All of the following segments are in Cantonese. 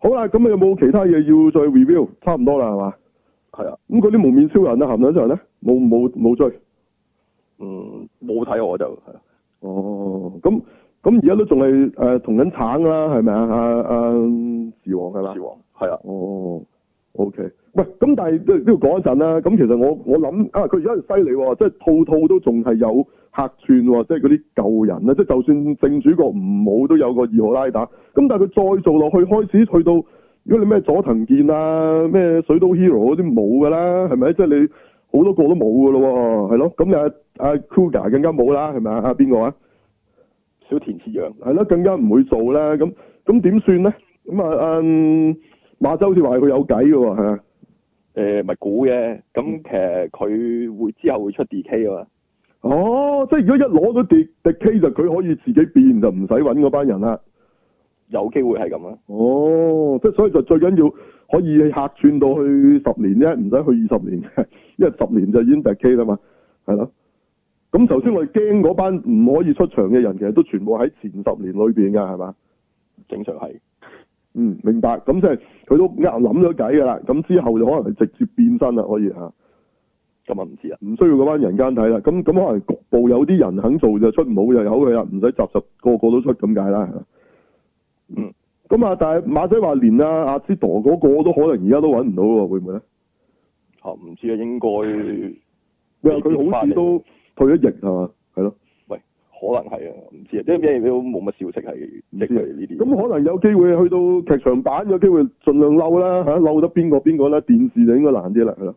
好啦，咁你有冇其他嘢要再 review？差唔多啦，係嘛？係啊，咁嗰啲蒙面超人啊，含兩場咧，冇冇冇追，嗯，冇睇我就係、啊、哦。咁咁而家都仲係誒同緊橙啦，係咪啊？啊，阿時王噶啦，時王係啊，是啊哦。哦，OK。喂，咁但係都要講一陣啦。咁其實我我諗啊，佢而家又犀利，即係套套都仲係有。客串喎，即係嗰啲舊人啦，即係就算正主角唔好都有，有個二號拉打，咁但係佢再做落去開始去到，如果你咩佐藤健啊，咩水刀 hero，都 hero 嗰啲冇噶啦，係咪？即係你好多個都冇噶咯，係咯，咁啊阿 Kuga 更加冇啦，係咪啊？邊個啊？小田切讓係咯，更加唔會做啦。咁咁點算咧？咁啊，嗯，馬洲好似話佢有計嘅，係啊，誒、呃，唔係估嘅，咁其實佢會、嗯、之後會出 D K 啊。哦，即係如果一攞到疊迪 K，就佢可以自己變，就唔使揾嗰班人啦，有機會係咁啦。哦，即係所以就最緊要可以客串到去十年啫，唔使去二十年，因為十年就已經迪 K 啦嘛，係咯。咁頭先我哋驚嗰班唔可以出場嘅人，其實都全部喺前十年裏邊噶係嘛？正常係，嗯，明白。咁即係佢都諗咗計噶啦，咁之後就可能係直接變身啦，可以吓。咁啊，唔知啊，唔需要嗰班人間睇啦。咁咁可能局部有啲人肯做就出，唔好就有佢啦，唔使集集個個都出咁解啦。嗯，咁、嗯、啊，但係馬仔話連啊阿師陀嗰個都可能而家都揾唔到喎，會唔會咧？唔、啊、知啊，應該。佢好似都退咗役係嘛？係咯，喂，可能係啊，唔知啊，即係咩都冇乜消息係呢啲。咁可能有機會去到劇場版有機會盡量嬲啦嚇，嬲得邊個邊個咧？電視就應該難啲啦，係咯，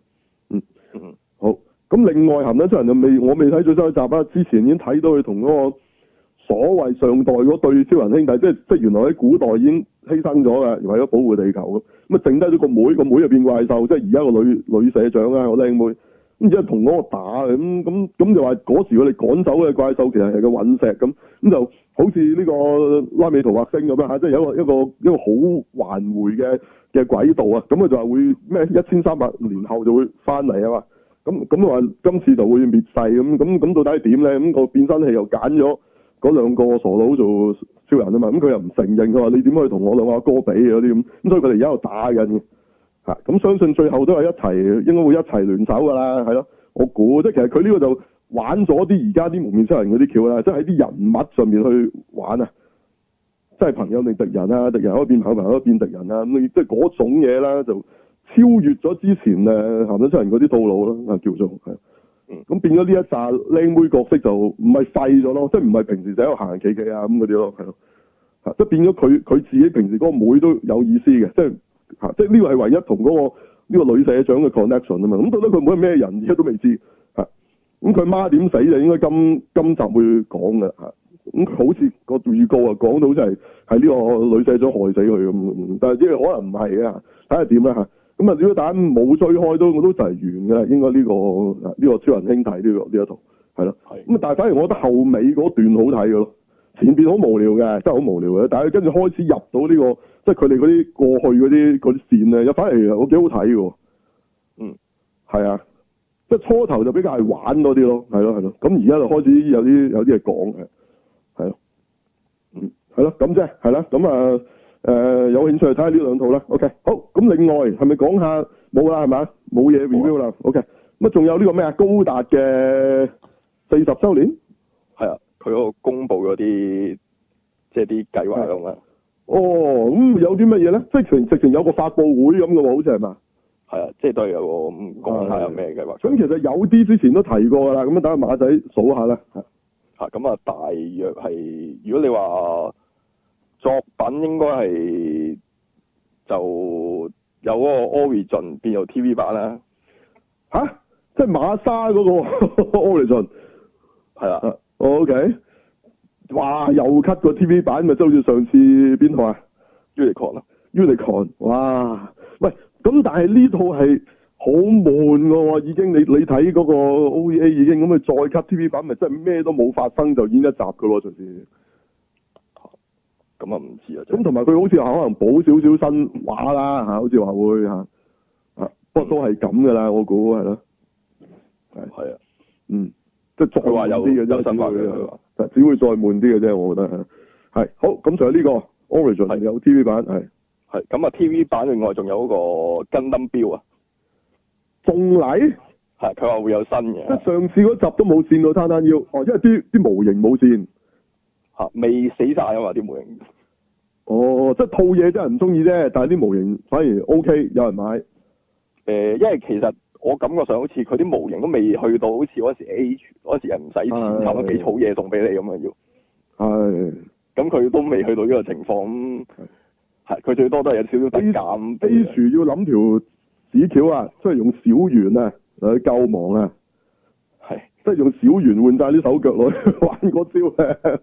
嗯。嗯嗯嗯。好咁，另外《行呢出人》就未，我未睇最新一集啊。之前已經睇到佢同嗰個所謂上代嗰對超人兄弟，即即原來喺古代已經犧牲咗嘅，為咗保護地球咁。咁剩低咗個妹，個妹就變怪獸，即係而家個女女社長啦，個靚妹。咁之後同嗰個打咁咁咁，就話嗰時佢哋趕走嘅怪獸其實係個隕石咁。咁就好似呢個拉美圖惑星咁啊，即係有一個一個一個好環回嘅嘅軌道啊。咁佢就話會咩一千三百年後就會翻嚟啊嘛。咁咁話今次就會滅世咁，咁咁到底點咧？咁個變身器又揀咗嗰兩個傻佬做超人啊嘛？咁佢又唔承認，佢話你點可以同我兩個阿哥比啊啲咁？咁所以佢哋而家喺度打緊吓。咁相信最後都係一齊，應該會一齊聯手噶啦，係咯？我估即係其實佢呢個就玩咗啲而家啲幪面超人嗰啲橋啦，即係喺啲人物上面去玩啊，即係朋友定敵人啊，敵人可以變朋友，可以變敵人啊，咁亦即係嗰種嘢啦就。超越咗之前誒鹹濕出人嗰啲套路啊，叫做係咁變咗呢一紮靚妹角色就唔係廢咗咯，即係唔係平時就喺度行企企啊咁嗰啲咯，係，嚇即係變咗佢佢自己平時嗰個妹，妹都有意思嘅，即係即係呢個係唯一同嗰個呢個女社長嘅 connection 啊嘛，咁到底佢妹係咩人，而家都未知。咁佢媽點死就應該今今集會講嘅，咁好似個預告啊講到就係係呢個女社長害死佢咁，但係即係可能唔係啊，睇下點啦咁啊！如果大家冇追開都，我都就係完嘅。應該呢、呢個呢、呢個超人兄弟呢、呢個呢一套，係咯。咁但係反而我覺得後尾嗰段好睇嘅咯，前邊好無聊嘅，真係好無聊嘅。但係跟住開始入到呢、呢個，即係佢哋嗰啲過去嗰啲啲線咧，又反而又幾好睇嘅。嗯，係啊，即係初頭就比較係玩多啲咯，係咯係咯。咁而家就開始有啲有啲嘢講嘅，係咯，嗯，係咯，咁即係係啦，咁啊。咁呃誒、呃，有興趣睇下呢兩套啦，OK。好，咁另外係咪講下冇啦？係咪？冇嘢 review 啦，OK。咁啊，仲有呢個咩啊？高達嘅四十周年，係啊，佢有個公布嗰啲，即係啲計劃咁啊。哦，咁有啲乜嘢咧？即係全直情有個發布會咁嘅喎，好似係嘛？係啊，即係都係有個講下有咩計劃。咁、啊啊、其實有啲之前都提過噶啦，咁等下馬仔數下啦。吓、啊，吓，咁啊大約係，如果你話。作品應該係就有嗰個 Origin 變做 TV 版啦，嚇、啊，即係馬沙嗰個哈哈哈哈 Origin 係啦、啊，OK，哇，又 cut 個 TV 版咪即、就係、好似上次邊套啊，Unicorn 啦，Unicorn，哇，喂，咁但係呢套係好悶嘅喎，已經你你睇嗰個 OVA 已經咁佢再 cut TV 版咪真係咩都冇發生就演一集嘅咯，上次。咁啊唔知點點啊！咁同埋佢好似可能補少少新畫啦，好似話會啊，不過都係咁噶啦，嗯、我估係咯。係係啊，嗯，即係再話有啲嘢有新畫嘅，佢話只，只會再悶啲嘅啫，我覺得嚇。係好，咁就係呢個 Origin 有 TV 版，係係咁啊！TV 版另外仲有嗰個跟燈標啊，鳳禮係，佢話會有新嘅。啊、上次嗰集都冇線到攤攤腰哦，因為啲啲模型冇線。吓未死晒啊嘛啲模型，哦，即係套嘢真係唔中意啫，但係啲模型反而 O K，有人買。誒、呃，因為其實我感覺上好似佢啲模型都未去到，好似嗰陣時 H 陣時人唔使錢，差唔多幾套嘢送俾你咁啊要。係、哎。咁佢都未去到呢個情況，咁係佢最多都係有少少低價。飛樹要諗條紙橋啊，即係用小圓啊嚟救亡啊。係、啊哎啊啊。即係用小圓換晒啲手腳落去玩嗰招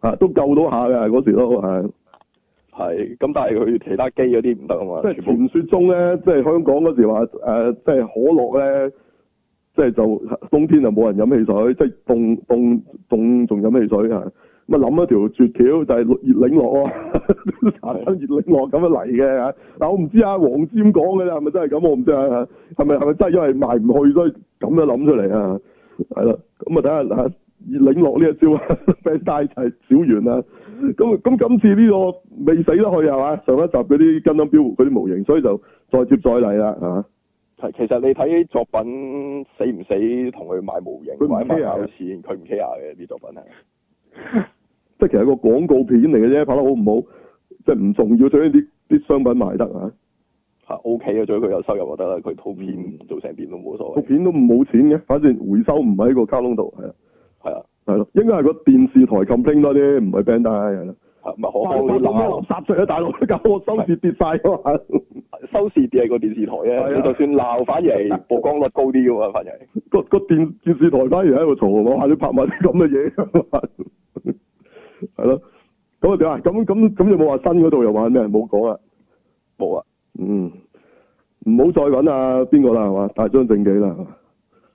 啊，都救到下嘅，嗰時都係係咁，但係佢其他機嗰啲唔得啊嘛。即係傳説中咧，即係香港嗰時話、啊、即係可樂咧，即係就冬天就冇人飲汽水，即係凍凍凍仲飲汽水啊！咁啊諗一條絕橋就係熱檸樂， 啊，生熱檸樂咁樣嚟嘅。但係我唔知阿黃占講嘅咧係咪真係咁，我唔知啊。係咪係咪真係因為賣唔去所以咁樣諗出嚟啊？係啦，咁啊睇下吓。領落呢一招，變帶齊小圓啊。咁咁今次呢個未死得去係嘛？上一集嗰啲金針標嗰啲模型，所以就再接再厲啦、啊，其實你睇作品死唔死，同佢買模型，佢唔 care 有錢，佢唔 care 嘅啲作品係。即係 其實一個廣告片嚟嘅啫，拍得好唔好即係唔重要，最緊要啲啲商品賣得啊。吓 OK 啊，最緊要、okay，佢有收入就得啦。佢套片做成片都冇所謂。套片都冇錢嘅，反正回收唔喺個卡通度係啊。係咯，應該係個電視台 complain 多啲，唔係 band 啲，係咯。包埋一垃圾出啊，大佬搞我收視跌晒啊嘛，收視跌係個電視台啫，啊。就算鬧，反而曝光率高啲噶嘛， 反而個個電電視台反而喺度嘈，我話你拍埋啲咁嘅嘢，係咯。咁啊點啊？咁咁咁又冇話新嗰度又話咩？唔好講啦，冇啦，嗯，唔好，嗯 啊嗯，再搵阿邊個啦，係嘛，大張證件啦。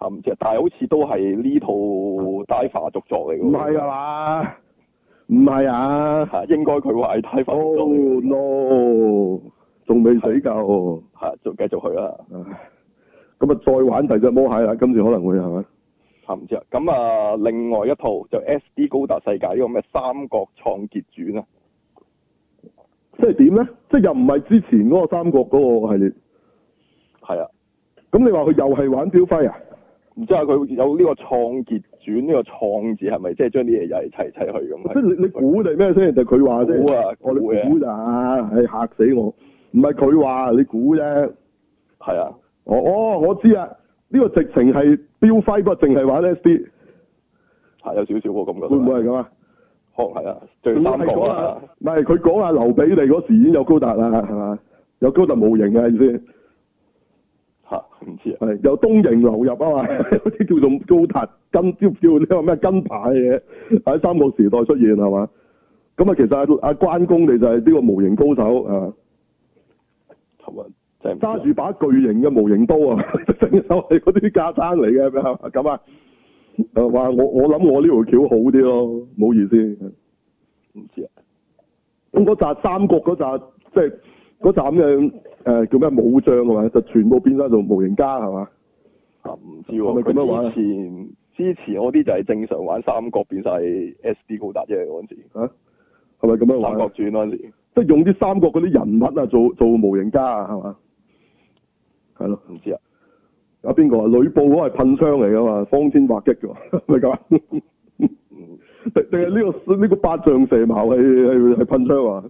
唔知啊，但係好似都係呢套 Divers 續作嚟嘅喎。唔係啊嘛，唔係啊，應該佢話 Divers 續作嚟 no，仲未死夠，吓，仲繼續去啦。咁啊，就再玩第二隻魔蟹啦。今次可能會係咪？唔知啊。咁啊，另外一套就 S D 高達世界呢個咩《三國創傑傳》啊？即係點咧？即係又唔係之前嗰個三國嗰個系列？係啊。咁你話佢又係玩小飛啊？唔知是是是、就是、啊，佢有呢個創傑傳呢個創字係咪即係將啲嘢又係齊齊去咁？即係你你估定咩先？就佢話估啊，估啊，係、啊、嚇吓死我！唔係佢話，你估啫。係啊，我、啊 oh，我知啊，呢、這個直情係標徽、啊啊啊，不過淨係玩 S D。係有少少我咁噶。會唔會係咁啊？確係啊，最三國啊。唔係佢講下劉備嚟嗰時已經有高達啦，係嘛？有高達模型啊，係先。吓、啊，唔知係、啊、由東瀛流入、嗯、啊嘛，嗰、啊、啲叫做高達跟，叫叫你話咩金牌嘅嘢喺三國時代出現係嘛？咁啊，其實阿關公你就係呢個模型高手啊，頭暈，揸住把巨型嘅模型刀啊，真係嗰啲架撐嚟嘅咁啊，話我我諗我呢條橋好啲咯，唔好意思，唔知啊，咁、啊、嗰、啊、三國嗰即係嗰集咁。誒，叫咩武將嘅話？就全部變咗、啊啊啊、做、做模型家係嘛？啊，唔知喎。係咪咁樣玩？之前之前啲就係正常玩三國，變晒 S D 高達啫嗰陣時。吓？係咪咁樣玩三國轉嗰陣時？即係用啲三國嗰啲人物啊，做做模型家啊，係嘛？係咯，唔知啊。有邊個啊？呂布嗰係噴槍嚟噶嘛？方天畫戟嘅，係咪咁呀，定定係呢個呢、呢個八丈蛇矛係係係噴槍話？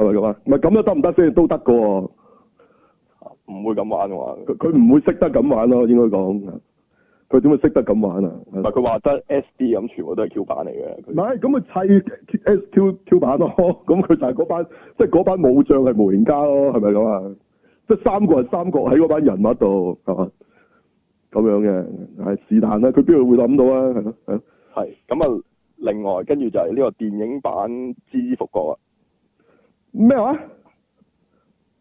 係咪咁啊？唔係咁得唔得先？都得噶喎，唔會咁玩嘅話，佢佢唔會識得咁玩咯，應該講，佢點會識得咁玩啊？係佢話得 S D 咁，SD, 全部都係 Q 版嚟嘅。唔係咁咪砌 S QQ 版咯。咁佢，啊、 就係嗰班，即係嗰班武將係模型家咯，係咪咁啊？即係 三個係三個喺嗰班人物度，係嘛咁樣嘅。係是但啦，佢邊度會諗到啊？係咁啊，啊另外跟住就係呢個電影版《G 之復國》啊。咩話、啊？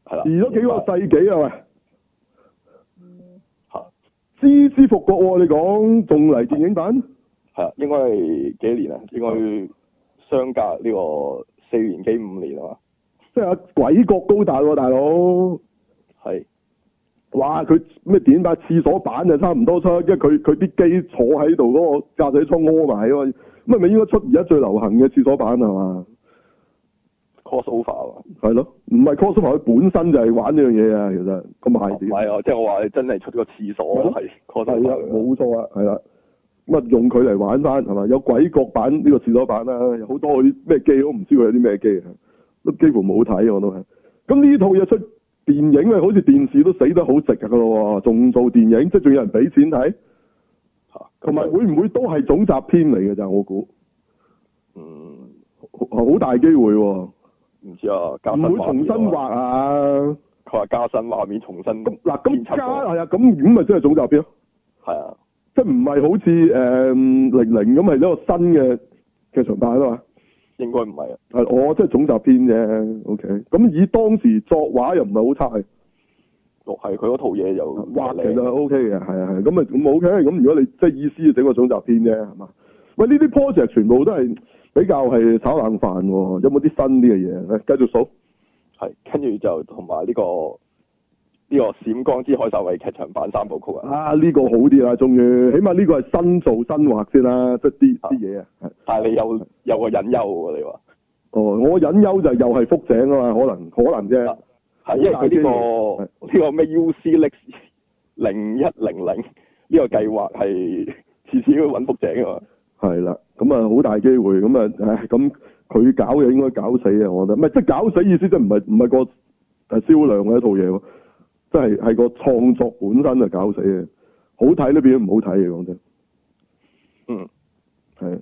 係啦，移咗幾個世紀係咪？吓，支支復國、啊，你講仲嚟？電影版係啊，應該係幾年啊？應該相隔呢個四年幾五年啊嘛。即係鬼國高達喎、啊，大佬。係。哇！佢咩點把廁所板就差唔多出，因為佢佢啲機坐喺度嗰個駕駛艙屙埋啊嘛。咁咪應該出而家最流行嘅廁所板係嘛？crossover 係咯，唔係 crossover，r s 佢本身就係玩呢樣嘢啊。其實咁賣點係啊，即係我話你真係出咗個廁所係 crossover 冇錯啊，係啦。乜、啊啊啊嗯、用佢嚟玩翻係嘛？有鬼角版呢個廁所版啦，有好多啲咩機我都唔知佢有啲咩機啊，都幾乎冇睇我都係。咁呢套嘢出電影啊，好似電視都死得好值噶咯喎，仲做電影即係仲有人俾錢睇吓，同、啊、埋、嗯、會唔會都係總集篇嚟嘅就我估嗯，好，好大機會、啊。唔知啊，唔會重新畫啊。佢話加新畫面，重新咁嗱咁加係啊，咁咁咪即係總集篇咯。係啊，即係唔係好似誒、呃、零零咁係一個新嘅劇場版啊嘛。應該唔係啊。係我即係總集篇啫。O K，咁以當時作畫又唔係好差，係佢嗰套嘢又畫嚟啦。O K 嘅係啊係，咁啊咁 O K，咁如果你即係意思整個總集篇啫係嘛。喂，呢啲 project 全部都係。比較係炒冷飯喎，有冇啲新啲嘅嘢？誒，繼續數，係跟住就同埋呢個呢個《閃、這個、光之哈薩維》劇場版三部曲啊！啊，呢、這個好啲啦，終於，起碼呢個係新做新畫先啦，即啲啲嘢啊。是但係你有是有個隱憂你話。哦，我隱憂就是又係福井啊嘛，可能可能啫。係、啊、因為呢、這個呢、這個咩 UC NexT 零一零零呢個計劃係次次都揾福井啊嘛。係啦。咁啊，好大機會咁啊，唉，咁佢搞嘅應該搞死啊，我覺得，唔係即係搞死意思就係係，即係唔係唔係個銷量嘅一套嘢喎，即係係個創作本身就搞死嘅，好睇都變咗唔好睇嘅講真，嗯，係，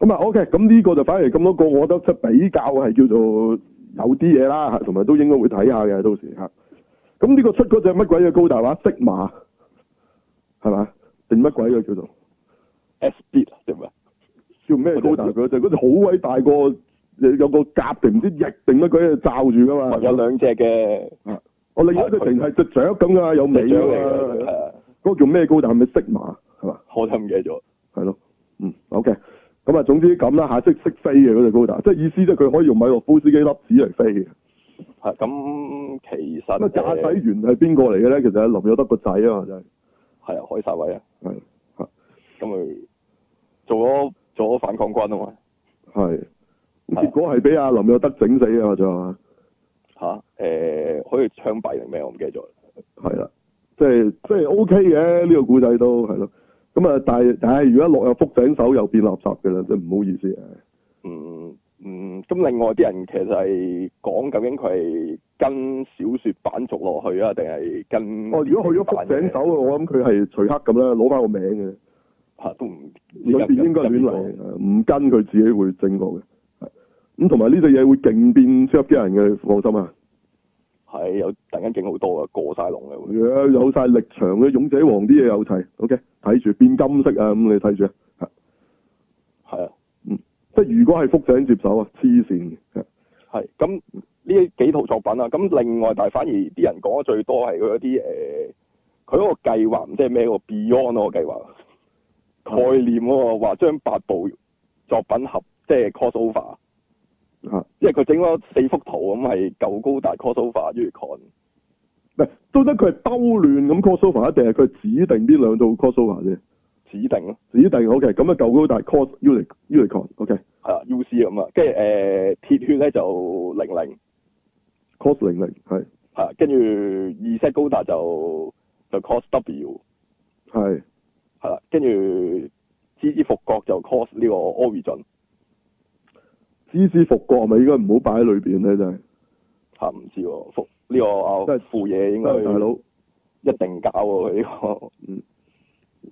咁啊，OK，咁呢個就反而咁多個，我覺得出比較係叫做有啲嘢啦，同埋都應該會睇下嘅到時嚇，咁呢個出嗰隻乜鬼嘅高達話色馬，係嘛定乜鬼嘅叫做？S B 啊，知唔知啊？叫咩高達佢仔？嗰隻好鬼大個，有個甲定唔知翼定得佢罩住噶嘛？有兩隻嘅、嗯，我另外一隻成係隻雀咁啊，有尾啊！嗰、啊啊嗰個叫咩高達係咪色馬？係嘛？我唔記咗。係咯，嗯，OK。咁、嗯、啊，總之咁啦，下識識飛嘅嗰隻高達即係意思即係佢可以用米洛夫斯基粒子嚟飛嘅。係、嗯、咁，其實。咁駕駛員係邊個嚟嘅咧？其實阿林有德個仔啊嘛，就係。係啊，海殺偉啊。係、啊。吓、嗯，咁、嗯做咗做咗反抗軍啊嘛，係，結果係俾阿林有德整死啊嘛，仲吓，誒，可以槍斃定咩？我唔、啊呃、記得咗。係啦，即係即係 O K 嘅呢個古仔都係咯，咁啊，但係但係、哎，如果落入福井手又變垃圾嘅啦，即係唔好意思啊。嗯嗯，咁另外啲人其實係講究竟佢係跟小說版續落去啊，定係跟哦？如果去咗福井手，我諗佢係除黑咁啦，攞翻個名嘅。都唔裏邊應該亂嚟，唔跟佢自己會正確嘅。咁同埋呢對嘢會勁變 sharp 嘅人嘅，放心啊。係有突然間勁好多嘅，過晒龍嘅，有晒力場嘅勇者王啲嘢有齊。嗯、OK，睇住變金色啊！咁你睇住啊，係啊，嗯，即係如果係福井接手啊，黐線嘅係咁呢幾套作品啊。咁另外，但係反而啲人講得最多係佢嗰啲誒，佢嗰個計劃唔知係咩嗰個 Beyond 嗰個計劃。概念喎、哦，話將八部作品合即係 crossover，r s、啊、因為佢整咗四幅圖咁係舊高達 crossover r s unicorn，唔都得佢係兜亂咁 crossover，r s 一定係佢指定呢兩套 crossover r s 啫。指定，指定 OK。咁啊舊高達 cos unicorn，ok，、okay、係啊 uc 咁啊，跟住誒鐵血咧就零零，cos 零零係，係，跟住二 set 高達就就 cos w，係。係啦，跟住 G 之復國就 cost 呢個 Origin。G 之復國係咪應該唔好擺喺裏邊咧？真係吓唔知喎，復呢、這個啊富野應該一定搞啊呢個。嗯，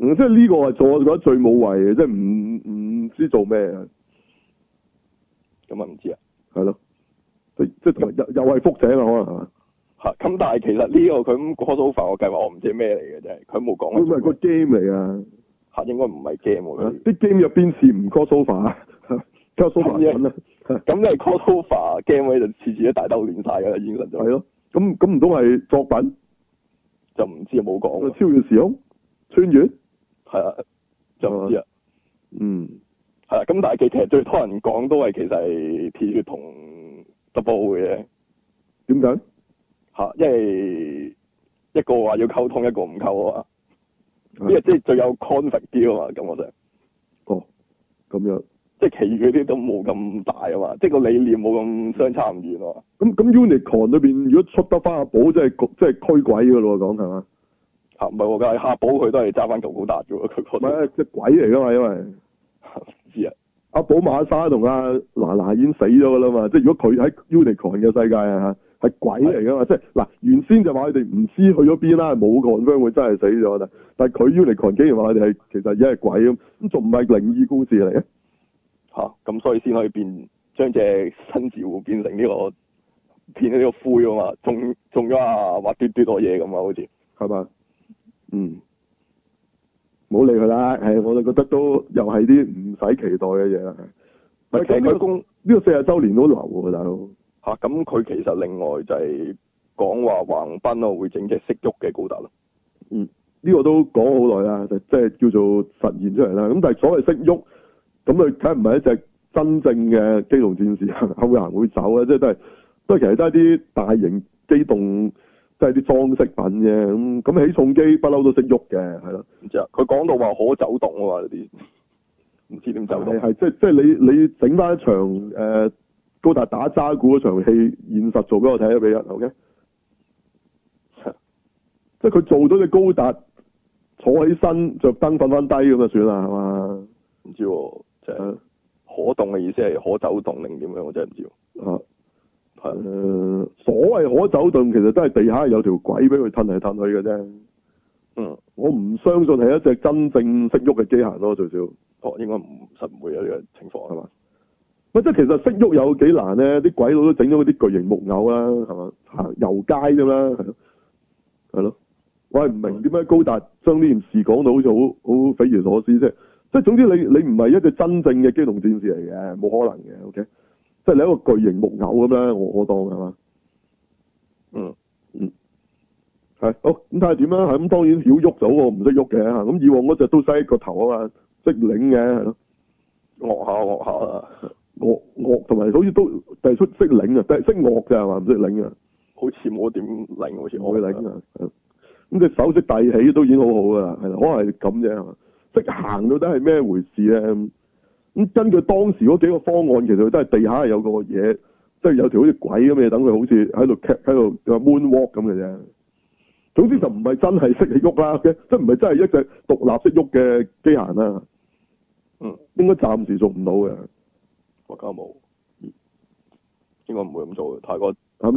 嗯，即係呢個係做我覺得最冇謂嘅，即係唔唔知做咩。咁啊唔知啊。係咯，即即又又係福井啦可能。吓，咁但係其實呢個佢咁 crossover 個計劃，我唔知咩嚟嘅啫，佢冇講。佢唔係個 game 嚟啊？吓，應該唔係 game 喎。啲 game 入邊是唔 crossover 啊 c、嗯、o s、嗯、o f a 咁品啊，crossover game 咧就次次一大兜亂晒嘅，現實就係咯。咁咁唔通係作品？就、嗯、唔、嗯嗯、知有冇講。超越時空？穿越？係啊，就唔知啊。嗯。係啊，咁但係其實最多人講都係其實係鐵血同 double 嘅。點解？因、啊、為一個話要溝通，一個唔溝啊嘛、啊，因為即係最有 confident 啲啊嘛，感覺就哦，咁樣，即係其餘嗰啲都冇咁大啊嘛，即係個理念冇咁相差唔遠啊嘛，咁咁 unicorn 裏邊，如果出得翻阿寶，即係即係軫鬼噶咯，講係嘛？啊，唔係喎，梗係阿寶佢都係揸翻舊高達啫佢覺得。即係鬼嚟噶嘛？因為。因為啊知啊！阿寶馬莎同阿嗱嗱已經死咗噶啦嘛，即係如果佢喺 unicorn 嘅世界啊嚇。係鬼嚟噶嘛？即係嗱，原先就話佢哋唔知去咗邊啦，冇 confirm 會真係死咗啦。但係佢要嚟 confirm 竟然話佢哋係其實而家係鬼咁，咁仲唔係靈異故事嚟嘅。吓、啊，咁所以先可以變將只新字戶變成呢、這個變咗呢個灰啊嘛，仲仲要啊滑嘟嘟我嘢咁啊，嘟嘟好似係嘛？嗯，唔好理佢啦。係，我就覺得都又係啲唔使期待嘅嘢啦。係，係呢個呢四十周年都流大佬。吓咁佢其實另外就係講話橫濱咯，會整隻識喐嘅高達啦。嗯，呢、這個都講好耐啦，就即、是、係叫做實現出嚟啦。咁但係所謂識喐，咁佢梗唔係一隻真正嘅機動戰士佢會行會走嘅，即係都係都係其實都係啲大型機動，即係啲裝飾品嘅。咁咁起重機不嬲都識喐嘅，咁佢講到話可走動啊嘛，呢啲唔知點走咧。係即即係你你整翻一場誒。呃高達打渣鼓嗰場戲，現實做俾我睇一比一，OK？ 即係佢做到隻高達坐起身，着燈瞓翻低咁就算啦，係嘛？唔知喎，即係可動嘅意思係可走動定點樣？我真係唔知。啊，呃，所謂可走動，其實都係地下有條軌，俾佢褪嚟褪去嘅啫。嗯，我唔相信係一隻真正識喐嘅機械咯，最少。哦，應該唔實唔會有呢個情況係嘛？即係其實識喐有幾難咧？啲鬼佬都整咗嗰啲巨型木偶啦，係嘛，行遊街咁啦，係咯。我係唔明點解高達將呢件事講到好似好好匪夷所思，即係即係。總之你你唔係一個真正嘅機動戰士嚟嘅，冇可能嘅。OK，即係你一個巨型木偶咁啦，我我當係嘛。嗯嗯，係好咁睇下點啦。係咁，當然曉喐就好過唔識喐嘅。咁以往嗰隻都伸個頭啊嘛，識擰嘅，學下學下啊。惡惡同埋好似都提出識擰啊，但係識惡嘅係嘛？唔識擰嘅，好似我點擰，好似我嘅擰啊。咁、啊、隻手識大起都已經好好噶啦，係啦，可能係咁啫。識行到底係咩回事咧？咁、嗯、根據當時嗰幾個方案，其實都係地下有個嘢，即、就、係、是、有條好似鬼咁嘅，等佢好似喺度 c 踢喺度 moonwalk 咁嘅啫。總之就唔係真係識起喐啦，即係唔係真係一隻獨立識喐嘅機械啦。嗯，應該暫時做唔到嘅。國家冇，應該唔會咁做嘅。太過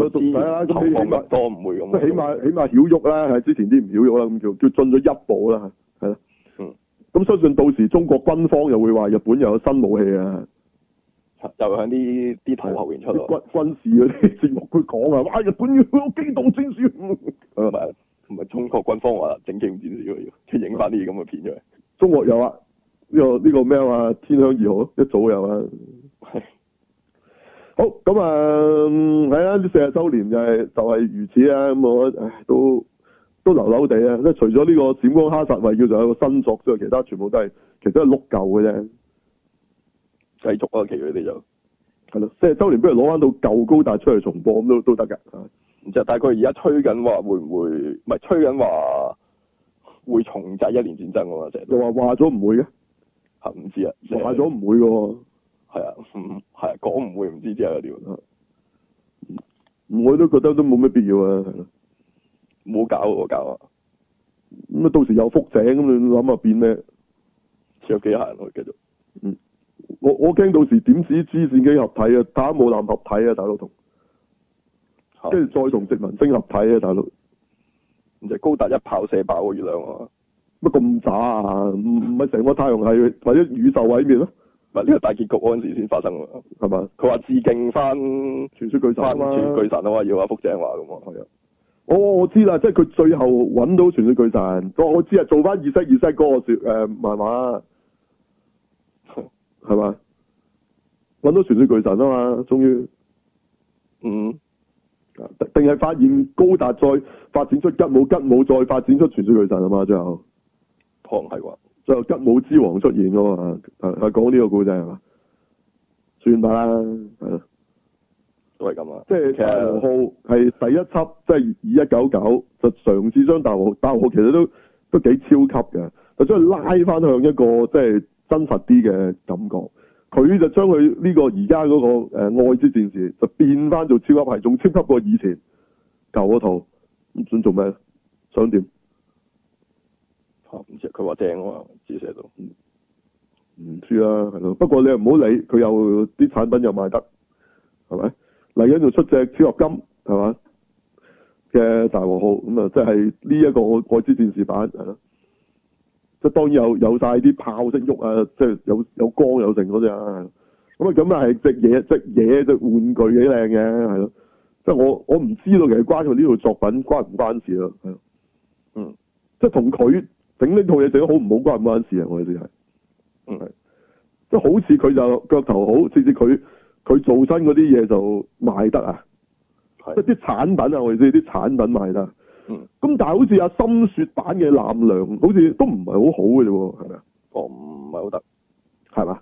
啲、啊、投降，多唔會咁。即起碼起碼曉喐啦，係之前啲唔曉喐啦，咁叫叫進咗一步啦，係啦。嗯。咁相信到時中國軍方又會話日本又有新武器啊，就喺呢啲頭後面出嚟，軍軍事嗰啲節目佢講啊，哇！日本好機動戰士，係咪？同埋中國軍方話整機動戰士，即係要影翻啲咁嘅片出嚟。中國有、這個這個、啊，呢個呢個咩話天香二號一早有啊。係 好，咁啊，係啊！呢、嗯、四十周年就係、是、就係、是、如此啊！咁我都都流流地啊，即係除咗呢個閃光哈薩維叫做有個新作之外，其他全部都係，其實都係碌舊嘅啫。繼續啊，其餘啲就係咯。四十周年，不如攞翻到舊高達出嚟重播咁都都得噶。就大概而家吹緊話會唔會唔係吹緊話會重製一年戰爭啊嘛？就話話咗唔會嘅，唔知啊，話咗唔會嘅。係啊，唔係講唔會唔知之後點啊！我都覺得都冇咩必要啊，冇、啊、搞我搞啊！咁啊到時有福井咁，你諗下變咩？仲有幾下咯，繼續。嗯，我我驚到時點止支線機合體啊！打冇藍合體啊，大佬同，跟住再同殖民星合體啊，大佬，唔就高達一炮射爆啊，個月亮啊，乜咁渣啊？唔唔係成個太陽系 或者宇宙毀滅咯？呢個大結局嗰陣時先發生㗎，係嘛？佢話致敬翻傳說巨神，翻傳巨神啊嘛，要阿福姐話咁話係啊。我我知啦，即係佢最後揾到傳說巨神，我知啊，做翻二世二世哥説誒漫畫，係嘛？揾到傳說巨神啊嘛，終於，嗯。定係發現高達再發展出吉姆吉姆，再發展出傳說巨神啊嘛，最後。可能係就吉武之王出現噶嘛？係講呢個故仔係嘛？算吧啦，係咯，都係咁啊。即係其實《大和號》係第一輯，即係二一九九，就上、是、次將大和號大和號其實都都幾超級嘅，就將佢拉翻向一個即係、就是、真實啲嘅感覺。佢就將佢呢個而家嗰個愛之戰士就變翻做超級，係仲超級過以前舊嗰套。咁算做咩？想點？佢話正啊嘛，電視唔知啊。係咯。不過你又唔好理佢，又啲產品又賣得係咪？嚟緊度出隻超合金係嘛嘅大和號咁啊，即係呢一個愛愛滋電視版係咯。即係當然有有曬啲炮式喐啊，即係有有光有剩嗰隻。咁啊咁啊係隻嘢隻嘢隻玩具幾靚嘅係咯。即係我我唔知道其實關佢呢套作品關唔關事咯。嗯，即係同佢。整呢套嘢整得好唔好關唔關事啊？我意思係，嗯係，即係好似佢就腳頭好，直至佢佢做新嗰啲嘢就賣得啊，即係啲產品啊，我意思啲產品賣得，嗯，咁但係好似阿心雪版嘅藍糧好似都唔係好好嘅咯，係咪啊？哦，唔係好得，係嘛？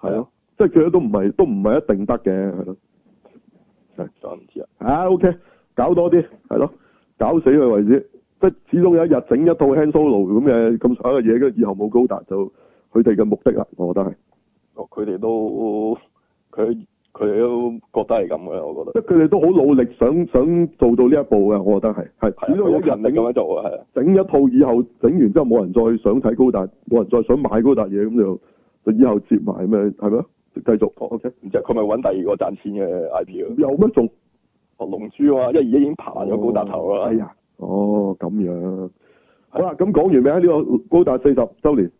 係咯，即係佢都唔係都唔係一定得嘅，係咯，係唔知啊，OK，搞多啲，係咯，搞死佢為止。即係始終有一日整一套 Han Solo 咁嘅咁上下嘅嘢，跟住以後冇高達，就佢哋嘅目的啦，我覺得係。哦、佢哋都佢佢哋都覺得係咁嘅，我覺得。即係佢哋都好努力想，想想做到呢一步嘅，我覺得係係。始終有人力咁樣做嘅係啊。整一套以後整完之後冇人再想睇高達，冇人再想買高達嘢，咁就就以後接埋咩？係咪繼續。O K. 唔知。後佢咪揾第二個賺錢嘅 I P 咯。有乜仲？學、哦、龍珠啊嘛，因為而家已經爬咗高達頭啦、哦。哎呀～哦，咁樣好啦，咁講完名呢、呢個高達四十周年，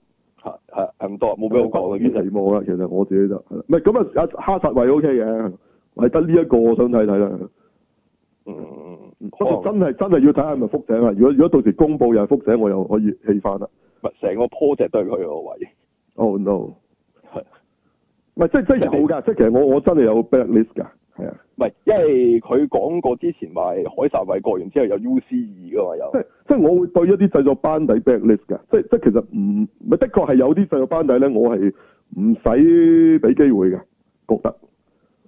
係係咁多，冇俾我講啦，已經冇啦。其實其 more，我自己就唔係咁啊，阿哈薩維 OK 嘅，係得呢一個我想睇睇啦。嗯嗯，不過真係真係要睇下係咪福井啊？如果如果到時公布又係福井，我又可以起翻啦。咪，係成個 project 都係佢個位。哦 no，唔係即係即係有噶，即係其實我我真係有 blacklist 噶。係啊，唔係，因為佢講過之前話海殺衛國完之後有 U C 二噶嘛，有即即我會對一啲製作班底 blacklist 噶，即即其實唔係的確係有啲製作班底咧，我係唔使俾機會嘅，覺得，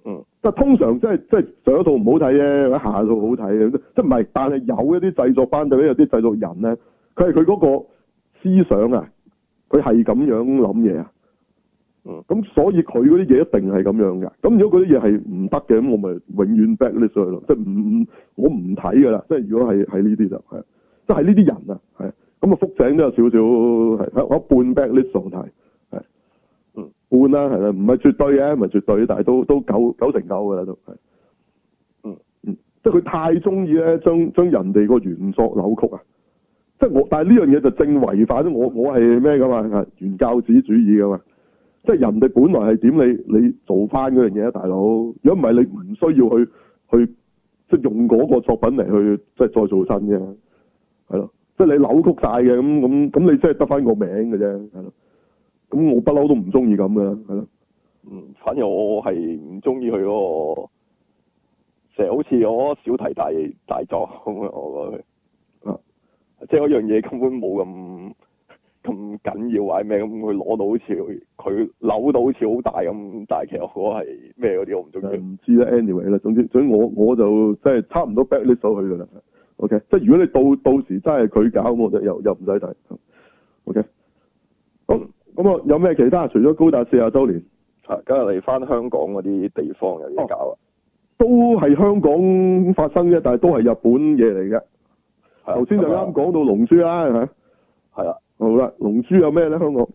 嗯，即通常即、即、即、即係、上一套唔好睇啫，或者下一套好睇，即唔係，但係有一啲製作班底咧，有啲製作人咧，佢係佢嗰個思想啊，佢係咁樣諗嘢啊。咁、嗯、所以佢嗰啲嘢一定係咁樣嘅。咁如果嗰啲嘢係唔得嘅，咁我咪永遠 back list 佢咯。即係唔唔，我唔睇噶啦。即係如果係係呢啲就係，即係呢啲人啊，咁啊，福井都有少少係，我半 back list 狀態係，半啦係啦，唔係絕對嘅，唔係絕對，但係都都九九成九噶啦都係，嗯，嗯即係佢太中意咧，將將人哋個原作扭曲啊！即係我，但係呢樣嘢就正違反咗我我係咩噶嘛？原教旨主義噶嘛？即係人哋本來係點你，你做翻嗰樣嘢啊，大佬！如果唔係你唔需要去去即係用嗰個作品嚟去即係再做新嘅，係咯。即係你扭曲晒嘅，咁咁咁，你即係得翻個名嘅啫，係咯。咁我不嬲都唔中意咁嘅，係咯。嗯，反而我係唔中意佢嗰個成日好似我小題大大作咁我覺得、啊、即係嗰樣嘢根本冇咁。咁緊要啊！咩咁佢攞到好似佢扭到好似好大咁，但係其實嗰個係咩嗰啲我唔鍾意。唔知啦，anyway 啦，總之，所以我我就即係差唔多 backlist 去噶啦。OK，即係如果你到到時真係佢搞，我就又又唔使睇。OK，咁咁啊，哦、有咩其他？除咗高達四十周年，今日嚟翻香港嗰啲地方有啲搞啊、哦，都係香港發生嘅，但係都係日本嘢嚟嘅。頭先就啱講到龍珠啦，嚇，係啊。好啦，龍珠有咩咧？香港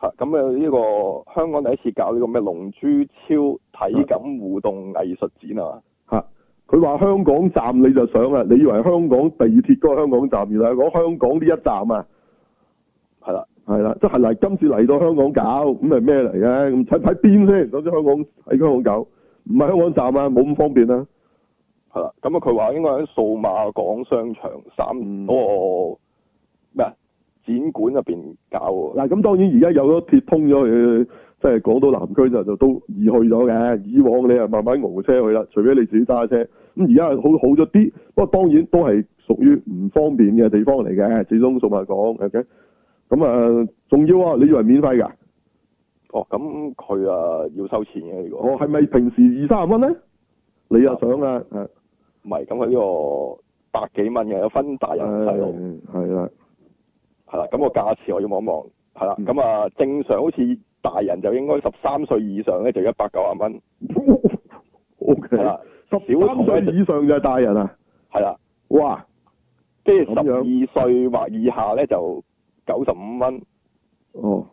吓，咁啊！呢、呢個香港第一次搞呢個咩龍珠超體感互動藝術展啊！吓、啊，佢話香港站你就想啦，你以為香港地鐵個香港站，原來係講香港呢一站啊！係啦，係啦，即係嚟今次嚟到香港搞，咁係咩嚟嘅？咁睇睇邊先，總之香港喺香港搞，唔係香港站啊，冇咁方便啦。係啦，咁啊，佢話應該喺數碼港商場三五,五,五。咩、哦、啊？展館入邊搞嗱，咁、啊、當然而家有咗鐵通咗去，即係港島南區就就都易去咗嘅。以往你啊慢慢熬車去啦，除非你自己揸車。咁而家係好好咗啲，不過當然都係屬於唔方便嘅地方嚟嘅，始終數碼港，ok、啊。咁啊，仲要啊，你以為免費噶？哦，咁佢啊要收錢嘅、啊，我係咪平時二三十蚊咧？你又想啊，唔、啊、係，咁佢呢個百幾蚊嘅，有分大人細路、哎，係啦。係啦，咁、那個價錢我要望一望，係啦，咁、嗯、啊正常好似大人就應該十三歲以上咧就一百九啊蚊，O K 啦，十三歲以上就大人啊，係啦，哇，即係十二歲或以下咧就九十五蚊，哦，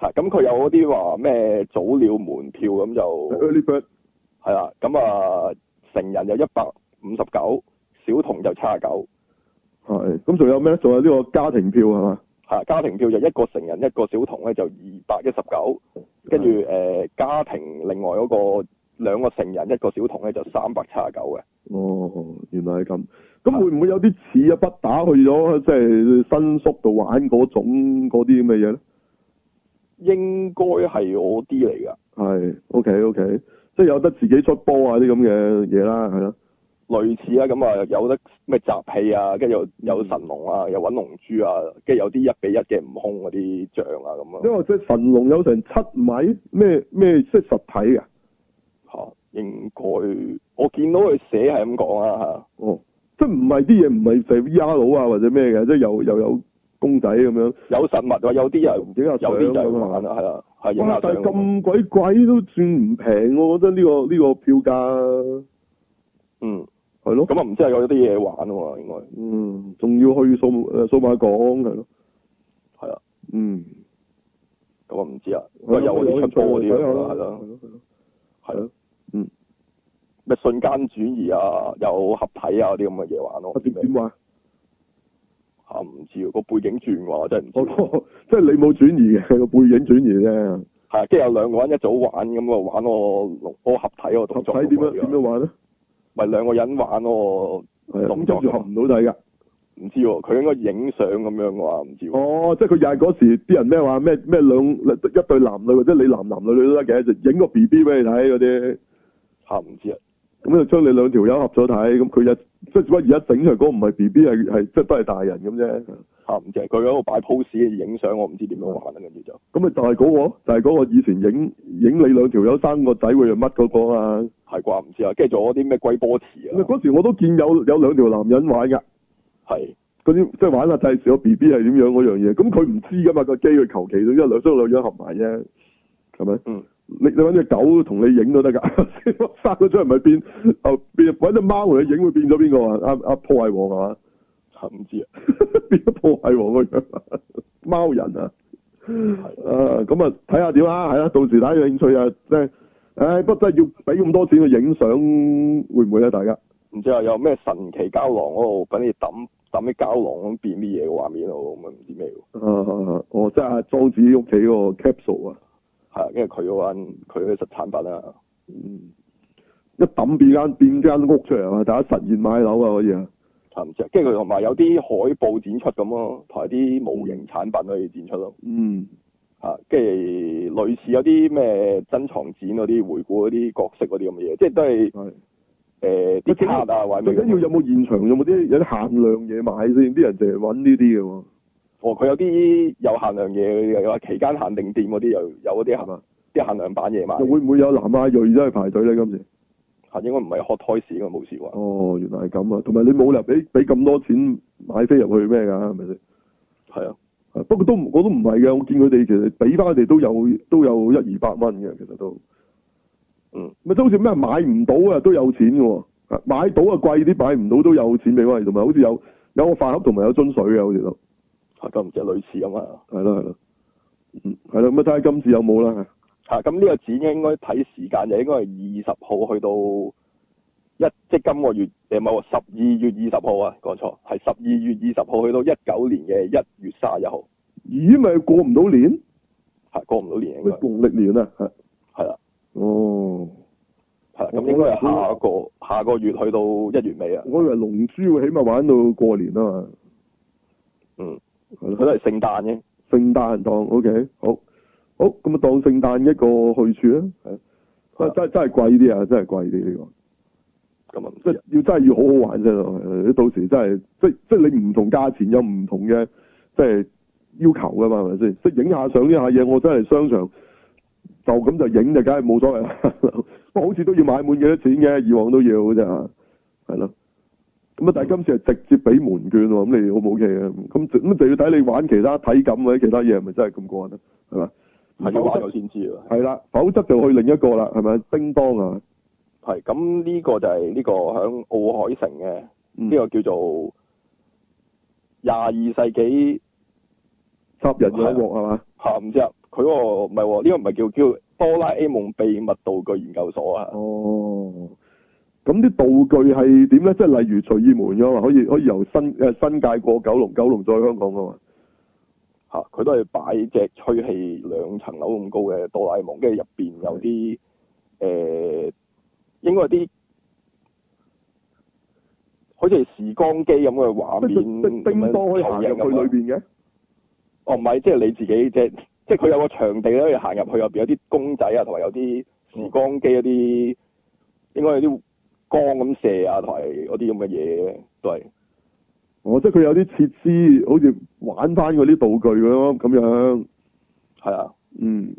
係咁佢有嗰啲話咩早鳥門票咁就，係啦，咁啊成人就一百五十九，小童就七啊九，係，咁仲有咩，仲有呢個家庭票係嘛？家庭票就一個成人一個小童咧就二百一十九，跟住誒家庭另外嗰個兩個成人一個小童咧就三百七十九嘅。哦，原來係咁，咁會唔會有啲似一筆打去咗即係新宿度玩嗰種嗰啲咁嘅嘢咧？應該係我啲嚟噶。係，OK OK，即係有得自己出波啊啲咁嘅嘢啦，係咯。類似啊咁啊有得咩集氣啊，跟住又有神龍啊，又搵龍珠啊，跟住有啲一比一嘅悟空嗰啲像啊咁咯。因為即係神龍有成七米，咩咩即係實體嘅吓、啊，應該我見到佢寫係咁講啊吓、哦。即係唔係啲嘢唔係肥 V R 佬啊或者咩嘅，即係又又有公仔咁樣。有實物有有啊，有啲又整下相咁樣。係啊，係、啊、但係咁鬼貴都算唔平、啊，我覺得呢、這個呢、這個票價、啊。嗯。係咯，咁啊唔知係有啲嘢玩啊應應該，嗯，仲要去數碼數碼港係咯，係嗯，咁啊唔知啊，喂，有啲出波嗰啲咁係係咯，係咯，嗯，咩、啊啊啊啊啊啊嗯、瞬間轉移啊，有合體啊嗰啲咁嘅嘢玩咯，我點話？吓唔、啊、知個背景轉話、啊、真係唔知，即 係你冇轉移嘅，個背景轉移啫，呀、嗯，即係、啊、有兩個人一早玩咁啊玩個六波合體嗰個動作，點樣點樣玩咧？咪兩個人玩咯，總就合唔到睇嘅，唔知喎，佢應該影相咁樣嘅話，唔知喎。哦，即係佢入嗰時，啲人咩話咩咩兩一對男女，即係你男男女女都得嘅，就影個 B B 俾你睇嗰啲。嚇唔知啊？咁就將你兩條友合咗睇，咁佢一，唔係 BB，係即係點？而家整出嚟嗰個唔係 B B，係係即係都係大人咁啫。唔唔係佢喺度擺 pose 影相，我唔知點樣玩啦，跟、嗯、住、嗯、就咁咪就係嗰個，就係、是、嗰個以前影影你兩條友生個仔會又乜嗰個啊，係啩？唔知啊，跟住仲有啲咩鬼波池啊？嗰時我都見有有兩條男人玩噶，係嗰啲即係玩下睇下 B B 係點樣嗰樣嘢，咁佢唔知噶嘛、嗰個機，佢求其到，因為兩雙女人合埋啫，係咪？嗯，你你搵隻狗同你影都得噶， 生咗出嚟咪變，變搵隻貓同你影會變咗邊個啊？阿、嗯、阿、啊、破壞王係嘛？唔知啊，變咗破壞王個樣，貓人啊，啊咁啊睇下點啊，係啊，到時大家有興趣啊，即係，誒不真係要俾咁多錢去影相，會唔會咧？大家，唔知啊，有咩神奇膠囊嗰度，俾你抌抌啲膠囊咁變啲嘢嘅畫面喎，咁啊唔知咩喎？我即係莊子屋企嗰個 capsule 啊，係，因為佢嗰間佢嘅實產品啊，嗯，一抌變間變間屋出嚟啊，大家實現買樓啊可以啊。陳着，跟住佢同埋有啲海報展出咁咯，同埋啲模型產品去展出咯。嗯，嗯，嗯，嗯，嚇，跟住類似有啲咩珍藏展嗰啲，回顧嗰啲角色嗰啲咁嘅嘢，即係都係誒啲卡啊，或者最緊要有冇現場有冇啲有啲限量嘢買先，啲人就揾呢啲嘅喎。哦，佢有啲有限量嘢，期間限定店嗰啲又有嗰啲係嘛？啲限量版嘢賣。嗯、會唔會有南亞裔都去排隊咧？今時？應該唔係學 hot toys 嘅冇事喎。哦，原來係咁啊。同埋你冇理由俾俾咁多錢買飛入去咩㗎？係咪先？係啊。不過都我都唔係嘅。我見佢哋其實俾翻佢哋都有都有一二百蚊嘅，其實都嗯。咪都好似咩買唔到啊都有錢㗎，買到啊貴啲，買唔到的都有錢俾翻。同埋好似有有個飯盒同埋有樽水嘅好似都啊，都唔知類似咁啊。係咯，係咯，嗯係咯。咁睇下今次有冇啦。吓、啊，咁呢個展應該睇時間就應該係二十號去到一，即、係、今個月定係咪十二月二十號啊？講錯，係十二月二十號去到一九年嘅一月卅一號。咦，咪過唔到年？係、啊、過唔到年嘅，農曆年啊，係係啦，哦，係咁應該係下個下個月去到一月尾啊。我以為龍珠會起碼玩到過年啊嘛。嗯，佢都係聖誕嘅，聖誕檔，OK，好。好咁啊，當聖誕一個去處啊，係啊，真真係貴啲啊，真係貴啲呢個，咁啊，即係要真係要好好玩啫咯，到時真係即係即係你唔同價錢有唔同嘅即係要求噶嘛，係咪先？即係影下相呢下嘢，我真係商場就咁就影就梗係冇所謂啦， 不過好似都要買滿幾多錢嘅，以往都要嘅啫，係啦咁啊，但係今次係直接俾門券咁、嗯、你好唔 OK 啊？咁咁就要睇你玩其他，其他體感或者其他嘢係咪真係咁過癮係嘛？係要玩咗先知啊！係啦，否則就去另一個啦，係咪？叮當啊！係咁呢個就係、是、呢、這個響奧海城嘅呢、嗯，這個叫做廿二世紀殺人嘅一目係嘛？吓唔知啊！佢唔係喎，呢、啊哦哦，這個唔係叫叫多啦 A 夢秘密道具研究所啊！哦，咁啲道具係點咧？即係例如隨意門嘅嘛，可以可以由新誒新界過九龍，九龍再香港噶嘛？佢、啊、都係擺隻吹氣兩層樓咁高嘅哆啦 A 夢，跟住入邊有啲誒、呃，應該係啲好似時光機咁嘅畫面咁樣，叮噹可以行入去裏邊嘅。哦，唔係，即係你自己即即係佢有個場地咧，可以行入去入邊有啲公仔啊，同埋有啲時光機嗰啲，應該有啲光咁射啊，同埋嗰啲咁嘅嘢都係。對。哦，即係佢有啲設施，好似玩翻嗰啲道具咁咯，咁樣係啊，嗯，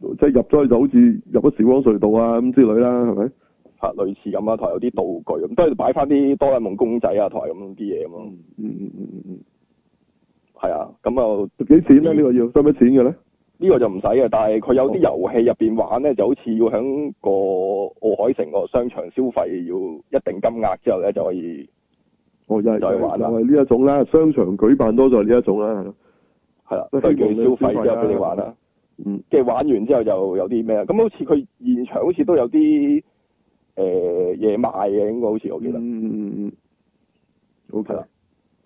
即係入咗去就好似入咗時光隧道啊咁之類啦，係咪？吓類似咁啊，台有啲道具，咁、嗯、都係擺翻啲哆啦 A 夢公仔啊，台咁啲嘢咁咯。嗯嗯嗯嗯，係、嗯嗯、啊，咁啊幾錢咧？呢、呢個要收咩錢嘅咧？呢、呢個就唔使嘅，但係佢有啲遊戲入邊玩咧、哦，就好似要響個奧海城個商場消費要一定金額之後咧就可以。我、哦、就再、是、玩啦，呢一種啦，商場舉辦多就呢一種啦，係啦，跟住消費之後俾你玩啦，嗯，即係玩完之後就有啲咩？咁好似佢現場好似都有啲誒嘢賣嘅，應該好似我記得。嗯嗯嗯。O K 啦，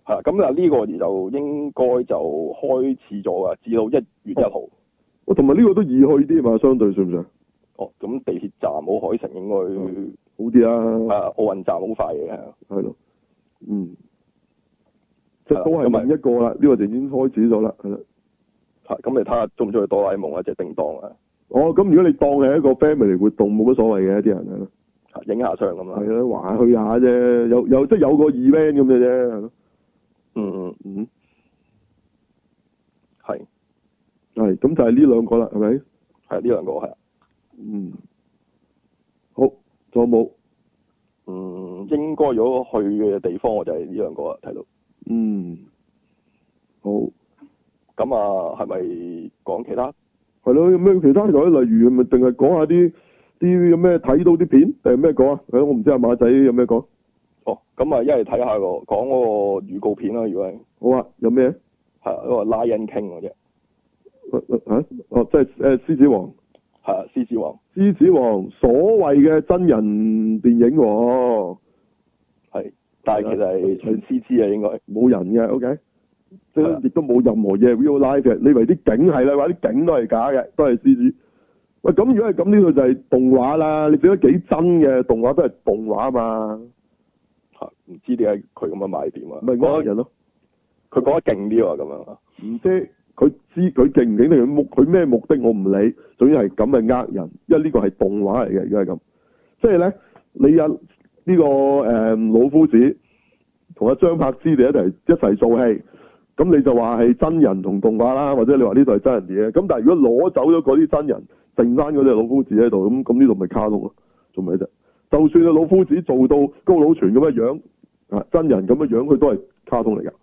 係啦，咁啊呢個就應該就開始咗噶，至到一月一號。我同埋呢個都易去啲嘛，相對算唔算？哦，咁地鐵站奧海城應該會、哦、好啲啦、啊。啊，奧運站好快嘅。係咯。嗯，即係都係另一個啦，呢、這個就已經開始咗啦，係咁你睇下中唔中意哆啦 A 夢啊，即係叮噹啊，哦，咁如果你當係一個 family 活動，冇乜所謂嘅一啲人影下相咁樣，係咯，玩下去下啫，有有即係、就是、有個 event 咁嘅啫，嗯嗯，係、嗯，係，咁就係呢兩個啦，係咪？係呢兩個，係，嗯，好，仲有冇？嗯，應該有去嘅地方我就係呢兩個啦，睇到。嗯，好、哦。咁啊，係咪講其他？係咯，有咩其他嘅咧？例如，咪淨係講下啲啲有咩睇到啲片？定係咩講啊？誒、嗯，我唔知阿馬仔有咩講。哦，咁啊，一係睇下個講個預告片啦，如果好啊？有咩？係一個 Lion King 嘅啫。啊，我、啊啊、即係誒獅子王。係獅子王，獅子王所謂嘅真人電影，係，但係其實係唱獅子啊，應該冇人嘅，OK，即係亦都冇任何嘢 real life 嘅，你以為啲景係啦，或者啲景都係假嘅，都係獅子。喂，咁如果係咁，呢個就係動畫啦，你做咗幾真嘅動畫都係動畫啊嘛。吓，唔知點解佢咁樣賣點啊？咪係講人咯，佢講得勁啲喎，咁樣。唔知。佢知佢勁唔勁目佢咩目的我唔理，總之係咁嘅呃人，因為呢個係動畫嚟嘅，而家係咁，即係咧你有、啊、呢、這個誒、嗯、老夫子同阿張柏芝哋一齊一齊做戲，咁你就話係真人同動畫啦，或者你話呢度係真人嘅，咁但係如果攞走咗嗰啲真人，剩翻嗰啲老夫子喺度，咁咁呢度咪卡通咯，做咩啫？就算你老夫子做到高佬泉咁嘅樣啊，真人咁嘅樣，佢都係卡通嚟噶，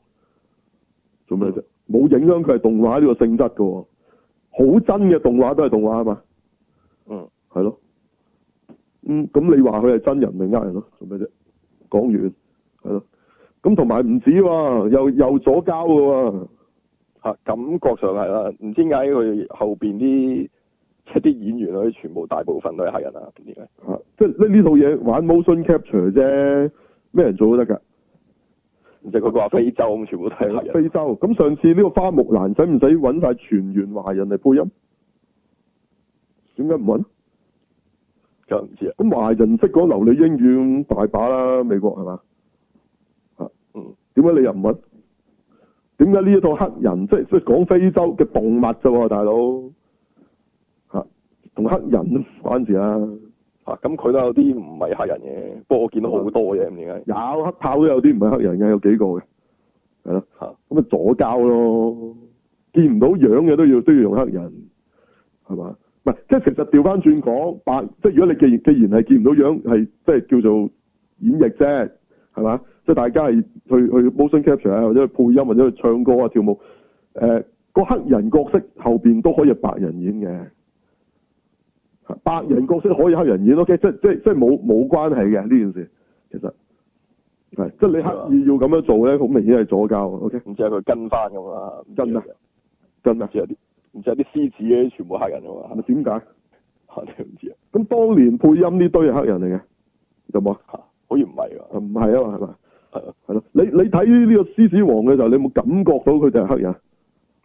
做咩啫？冇影響佢係動畫呢個性質㗎喎，好真嘅動畫都係動畫啊嘛，嗯，係咯，嗯，咁你話佢係真人咪呃人咯，做咩啫？講完係咯，咁同埋唔止喎，又又左膠㗎喎，感覺上係啦，唔知點解佢後面啲一啲演員佢全部大部分都係黑人啊？點解？嚇、啊，即係呢呢套嘢玩 motion capture 啫，咩人做都得㗎。就佢話非洲，全部都係黑非洲。咁上次呢個花木蘭，使唔使揾晒全員華人嚟配音？點解唔搵？就唔知啊。咁華人識講流利英語咁大把啦，美國係嘛？吓，嗯，點解你又唔搵？點解呢一套黑人即係即係講非洲嘅動物啫？大佬吓同黑人關事啊？咁、啊、佢都有啲唔係黑人嘅，不過我見到好多嘢嘅，有黑豹都有啲唔係黑人嘅，有幾個嘅，咯，咁啊就左膠咯，見唔到樣嘅都要都要用黑人，係嘛？唔係，即係其實調翻轉講白，即係如果你既然既然係見唔到樣，係即係叫做演繹啫，係嘛？即係大家係去去 motion capture 啊，或者去配音，或者去唱歌啊、跳舞，誒、呃、個黑人角色後面都可以係白人演嘅。白人角色可以黑人演，OK，即係即係即係冇冇關係嘅呢件事，其實係即係你刻意要咁樣做咧，好明顯係左膠，O K，唔知係佢跟翻咁啊，跟呀？跟呀？唔知係啲，唔知係啲獅子嘅全部黑人噶嘛，係咪？點解？你唔知啊。咁當年配音呢堆係黑人嚟嘅，有冇啊？好似唔係噶？唔係啊嘛，係嘛？係係咯。你你睇呢個獅子王嘅時候，你冇感覺到佢就係黑人？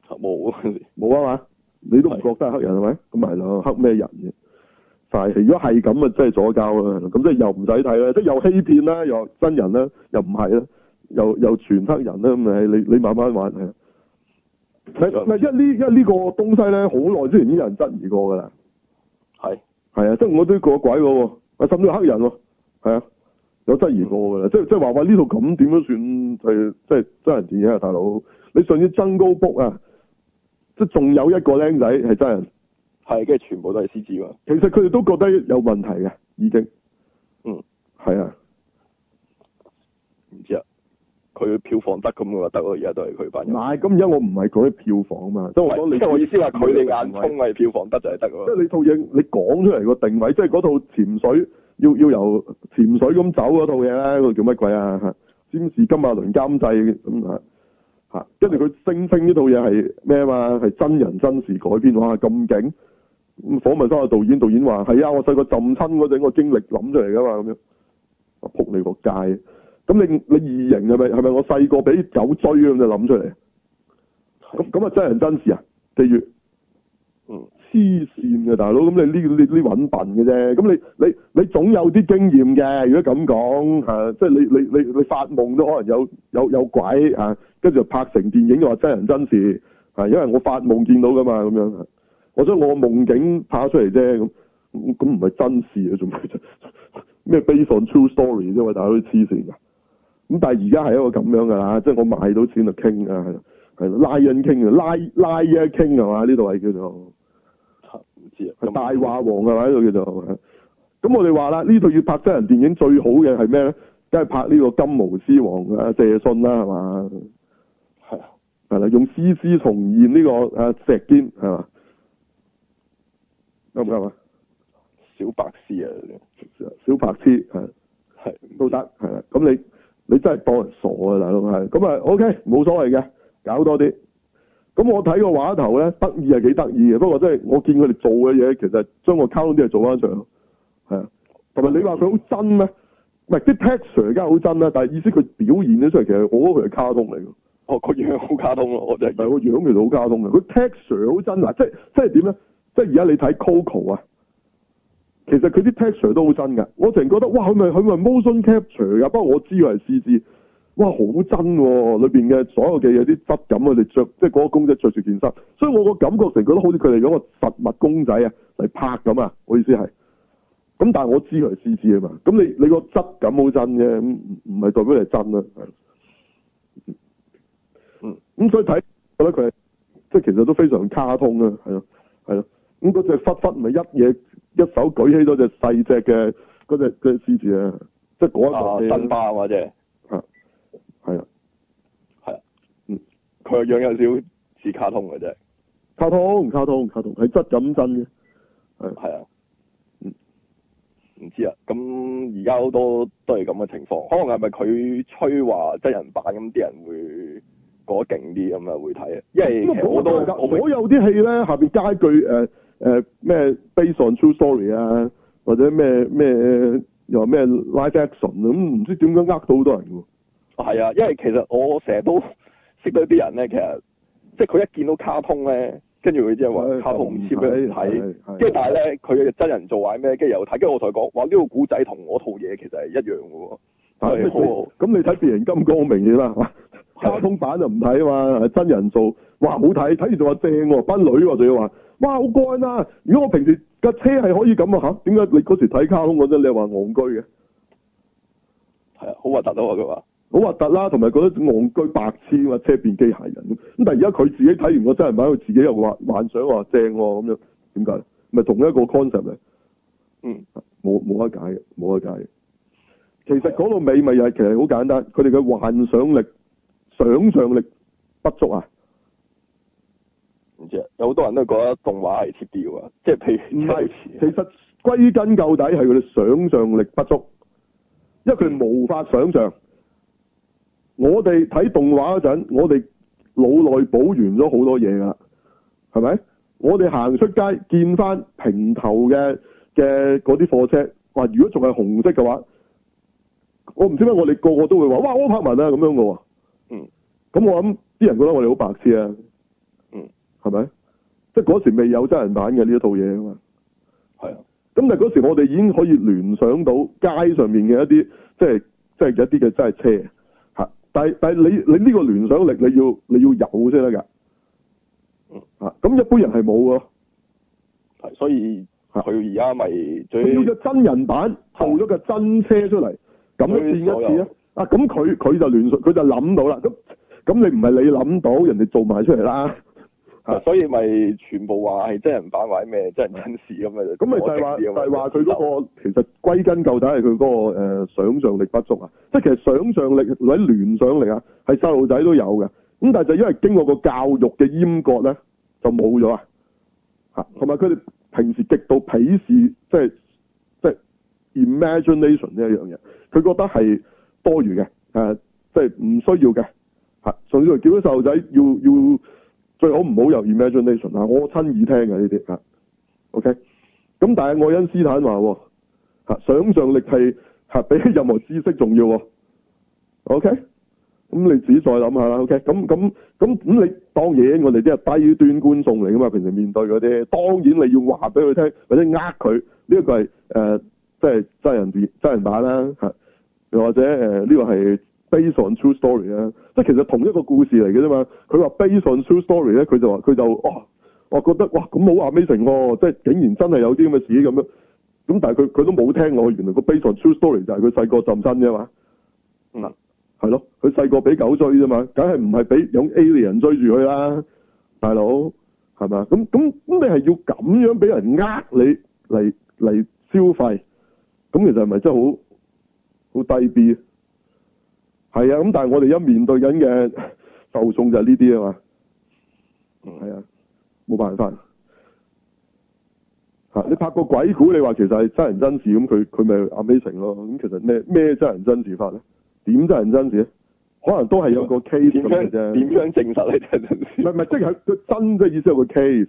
冇啊，冇啊嘛，你都唔覺得係黑人係咪？咁咪係咯，黑咩人啫？但如果係咁啊，真係左膠啊，咁即係又唔使睇啦，即係又欺騙啦，又真人啦，又唔係啦，又又全黑人啦，咁誒你你慢慢玩係啦。唔唔因為呢一呢個東西咧，好耐之前已經有人質疑過噶啦。係係啊，即係我都講鬼喎，甚至黑人喎，係啊，有質疑過㗎啦、嗯，即係即係話話呢套咁點樣算即係真人電影啊，大佬，你上次 Jungle Book 啊，即係仲有一個僆仔係真人。係，跟住全部都係獅子嘛。其實佢哋都覺得有問題嘅，已經。嗯，係啊，唔知啊。佢票房得咁話得咯。而家都係佢拍。唔係，咁而家我唔係講啲票房啊嘛。即係我意思話佢哋眼聰係票房得就係得咯。即係你套嘢，你講出嚟個定，定位，即係嗰套潛水要要由潛水咁走嗰套嘢咧，嗰、那個、叫乜鬼啊？占士金馬倫監製咁吓，跟住佢聲稱呢套嘢係咩啊嘛？係真人真事改編哇，咁勁！咁訪問翻個導演，導演話：係啊，我細個浸親嗰陣我經歷諗出嚟噶嘛，咁樣啊，撲你個街！咁你你異形係咪係咪我細個俾狗追咁就諗出嚟？咁咁啊，真人真事、嗯、啊，譬如嗯，黐線嘅大佬，咁你呢呢呢揾笨嘅啫。咁你你你總有啲經驗嘅，如果咁講嚇，即係你你你你發夢都可能有有有鬼啊，跟住拍成電影又話真人真事啊，因為我發夢見到噶嘛，咁樣。我想我夢夢境拍出嚟啫，咁咁唔係真事啊？做咩啫？咩 Based on True Story 啫？喂，大家都黐線噶。咁但係而家係一個咁樣噶啦，即係我賣到錢就傾啊，係啦，拉人傾啊，拉拉人傾係嘛？呢度係叫做，大話王係嘛？呢度叫做。咁我哋話啦，呢度要拍真人電影最好嘅係咩咧？梗係拍呢個金毛獅王阿謝遜啦，係嘛？係、這個、啊，係啦，用絲絲重現呢個石堅係嘛？啱唔啱啊？小白痴啊！小白痴，係係都得，係啦。咁你你真係當人傻啊，大佬係。咁啊，OK，冇所謂嘅，搞多啲。咁我睇個話頭咧，得意係幾得意嘅。不過真係我見佢哋做嘅嘢，其實將個卡通啲嘢做翻上，係啊。同埋你話佢好真咩？唔係啲 texture 梗係好真啦，但係意思佢表現咗出嚟，其實我覺得佢係卡通嚟㗎。哦，個樣好卡通啊！我就係個樣其實好卡通嘅，佢 texture 好真嗱，即係即係點咧？即係而家你睇 Coco 啊，其實佢啲 texture 都好真噶。我成日覺得哇，佢咪佢咪 motion capture 噶。不過我知佢係 CG，哇好真喎，啊！裏邊嘅所有嘅有啲質感，佢哋着即係嗰個公仔着住件衫，所以我個感覺成覺得好似佢哋嗰個實物公仔啊嚟拍咁啊。我意思係，咁但係我知佢係 CG 啊嘛。咁你你個質感好真嘅，唔唔係代表係真啊。嗯，咁所以睇覺得佢係即係其實都非常卡通啊，係咯係咯。咁嗰隻狒狒咪一嘢一手舉起嗰隻細隻嘅嗰隻隻獅子啊，即係嗰一隻啊！辛巴或者，係啊，係啊,啊,啊，嗯，佢係樣有少似卡通嘅啫，卡通，卡通，卡通，係質咁真嘅，係啊，唔唔知啊，咁而家好多都係咁嘅情況，可能係咪佢吹話真人版咁啲人會？嗰勁啲咁啊，會睇啊，因為我因為我，我有啲戲咧，下面加一句誒咩 Based on True Story 啊，或者咩咩又咩 Live Action 啊，咁唔知點樣呃到好多人喎。係啊，因為其實我成日都識到啲人咧，其實即係佢一見到卡通咧，跟住佢即係話卡通唔切俾你睇，跟、欸、住、欸、但係咧佢真人做壞咩，跟住又睇，這個、跟住我同佢講，話呢個古仔同我套嘢其實係一樣㗎喎。咁你睇《變形金剛》好，好，好明顯啦，係嘛？卡通版就唔睇啊嘛，係真人做，哇，好睇，睇完仲話正，啊，奔女仲要話哇，好干啊！如果我平時架車係可以咁啊，吓？點解你嗰時睇卡通嗰陣，你話戇居嘅？係啊，好核突啊！佢話好核突啦，同埋覺得戇居白痴啊車變機械人咁。但係而家佢自己睇完個真人版，佢自己又話幻想話正咁，啊、樣，點解？唔、就、係、是、同一個 concept 嚟，嗯，冇冇得解冇得解其實講到尾，咪又係其實好簡單。佢哋嘅幻想力、想象力不足啊。唔知啊，有好多人都覺得動畫係脫調啊，即係譬如，其實歸根究底係佢哋想象力不足，因為佢哋無法想象、嗯。我哋睇動畫嗰陣，我哋腦內補完咗好多嘢噶啦，係咪？我哋行出街見翻平頭嘅嘅嗰啲貨車，話如果仲係紅色嘅話。我唔知咩，我哋個個都會話哇我拍文啊咁樣嘅，嗯，咁我諗啲人覺得我哋好白痴啊，嗯，係咪？即係嗰時未有真人版嘅呢一套嘢啊嘛，係啊，咁但係嗰時我哋已經可以聯想到街上面嘅一啲，即係即係一啲嘅真係車，吓，但係但係你你呢個聯想力你要你要有先得噶，吓、嗯，咁一般人係冇嘅，係，所以係佢而家咪最，呢個真人版，做咗個真車出嚟。咁變一次啊！啊，咁佢佢就聯佢就諗到啦。咁咁你唔係你諗到，人哋做埋出嚟啦。所以咪全部話係真人版，或者咩真人真事咁嘅。咁咪就係話，就係話佢嗰個其實歸根究底係佢嗰個、呃、想像力不足啊。即係其實想像力或者聯想力啊，係細路仔都有嘅。咁但係就因為經過個教育嘅閹割咧，就冇咗啊。吓，同埋佢哋平時極度鄙視即係。imagination 呢一樣嘢，佢覺得係多餘嘅，誒、啊，即係唔需要嘅，吓、啊，所以叫啲細路仔要要最好唔好有 imagination、啊、我親耳聽嘅呢啲，吓、啊、ok，咁但係愛因斯坦話，吓、啊，想象力係、啊、比任何知識重要啊、，ok，咁你自己再諗下啦，ok，咁咁咁咁你當然我哋啲係低端觀眾嚟噶嘛，平時面對嗰啲，當然你要話俾佢聽或者呃佢，呢一個係誒。即係真人片、真人版啦，嚇，又或者誒呢、呃這個係 Based on true story 啦。即係其實同一個故事嚟嘅啫嘛。佢話 Based on true story 咧，佢就話佢就哇，我覺得哇咁好 amazing，即係竟然真係有啲咁嘅事咁樣。咁但係佢佢都冇聽我，原來個 Based on true story 就係佢細個浸身啫嘛。嗱、嗯，係咯，佢細個俾狗追啫嘛，梗係唔係俾有 alien 追住佢啦，大佬係咪？咁咁咁，你係要咁樣俾人呃你嚟嚟消費？咁其實係咪真係好，好低 B 啊？係啊，咁但係我哋而家面對緊嘅受眾就係呢啲啊嘛，係啊，冇辦法、啊、你拍個鬼故，你話其實係真人真事咁，佢佢咪 amazing 囉。咯？咁其實咩咩真人真事法咧？點真人真事咧？可能都係有個 case 咁嘅啫。點樣，樣證實你啲真事？唔係即係佢真嘅意思有個 case。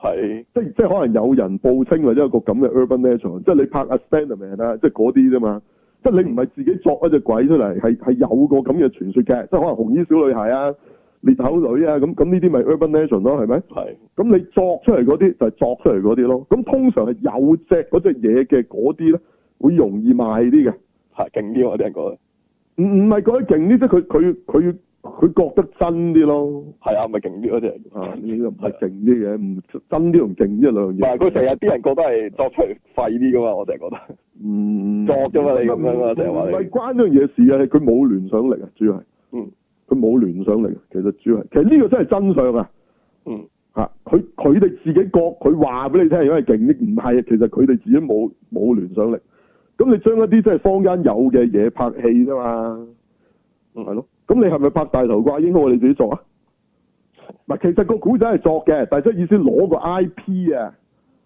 係即即可能有人報稱或者有一個咁嘅 urban legend 即係你拍 a statement 即、啊、係嗰啲啫嘛。即係你唔係自己作一隻鬼出嚟，係係有個咁嘅傳說嘅，即係可能紅衣小女孩啊、裂口女啊咁咁呢啲咪 urban legend、啊、咯，係咪？係。咁你作出嚟嗰啲就係、是、作出嚟嗰啲咯。咁通常係有隻嗰隻嘢嘅嗰啲咧，會容易賣啲嘅，係勁啲。我聽人講，唔唔係講啲勁啲，即係佢佢佢。佢覺得真啲咯，係啊，咪勁啲嗰啲啊，呢、呢個唔係勁啲嘅，唔、啊、真啲同勁啲兩樣嘢。唔係佢成日啲人覺得係作出嚟廢啲噶嘛，我成日覺得唔作啫嘛，你唔係關呢樣嘢事啊！佢冇聯想力啊，主要係嗯，佢冇、嗯、聯想力。啊、嗯。其實主要其實呢個真係真相啊。嗯，嚇佢佢哋自己覺佢話俾你聽，而家係勁啲，唔係其實佢哋自己冇冇聯想力。咁你將一啲真係坊間有嘅嘢拍戲啫嘛，係、嗯、咯。咁你係咪拍大頭怪英應該我哋自己作啊？嗱，其實個古仔係作嘅，但係即意思攞個 I P 啊，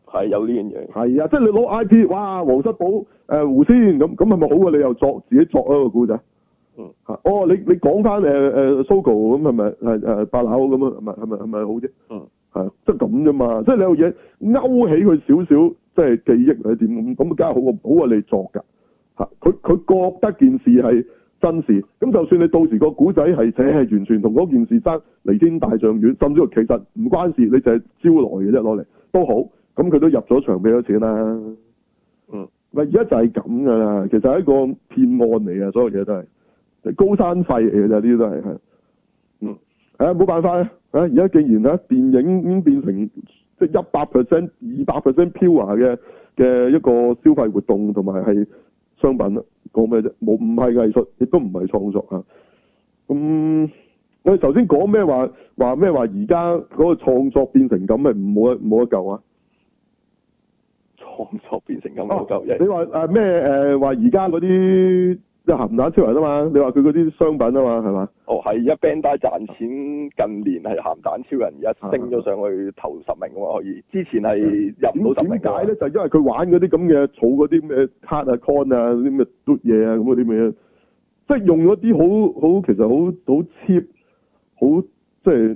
係有呢樣嘢，係啊，即係你攞 I P，哇，黃室寶、誒、呃、胡仙咁，咁係咪好啊？你又作自己作啊個古仔、嗯？哦，你你講翻 Sogo 咁係咪誒誒八樓咁啊？係係咪係咪好啫？嗯，即係咁啫嘛，即係你有嘢勾起佢少少即係記憶係點咁，咁梗係好個好啊？你作㗎。嚇，佢佢覺得件事係。真事咁，就算你到時個古仔係，誒，完全同嗰件事爭離天大象遠，甚至乎其實唔關事，你就係招來嘅啫，攞嚟都好，咁佢都入咗場，俾咗錢啦。嗯，咪而家就係咁噶啦，其實係一個騙案嚟嘅。所有嘢都係高山費嚟嘅啫，呢啲都係，嗯，係、啊、冇辦法啊，啊，而家竟然啊，電影已經變成即係一百 percent、二百 percent pure 嘅嘅一個消費活動同埋係商品啦。講咩啫？冇唔係藝術，亦都唔係創作啊！咁我哋頭先講咩話？話咩話？而家嗰個創作變成咁，咪冇一冇得救啊！創作變成咁嚿嘢，你話誒咩誒？話而家嗰啲。即係鹹蛋超人啊嘛！你話佢嗰啲商品啊嘛，係嘛？哦，係而家 band 仔賺錢，近年係鹹蛋超人而家升咗上去頭十名嘅，而之前係入唔到十名。點解咧，就係、因為佢玩嗰啲咁嘅，儲嗰啲咩 card 啊、coin 啊啲咩嘟嘢啊，咁嗰啲咩，即係用咗啲好好其實好好 cheap，好即係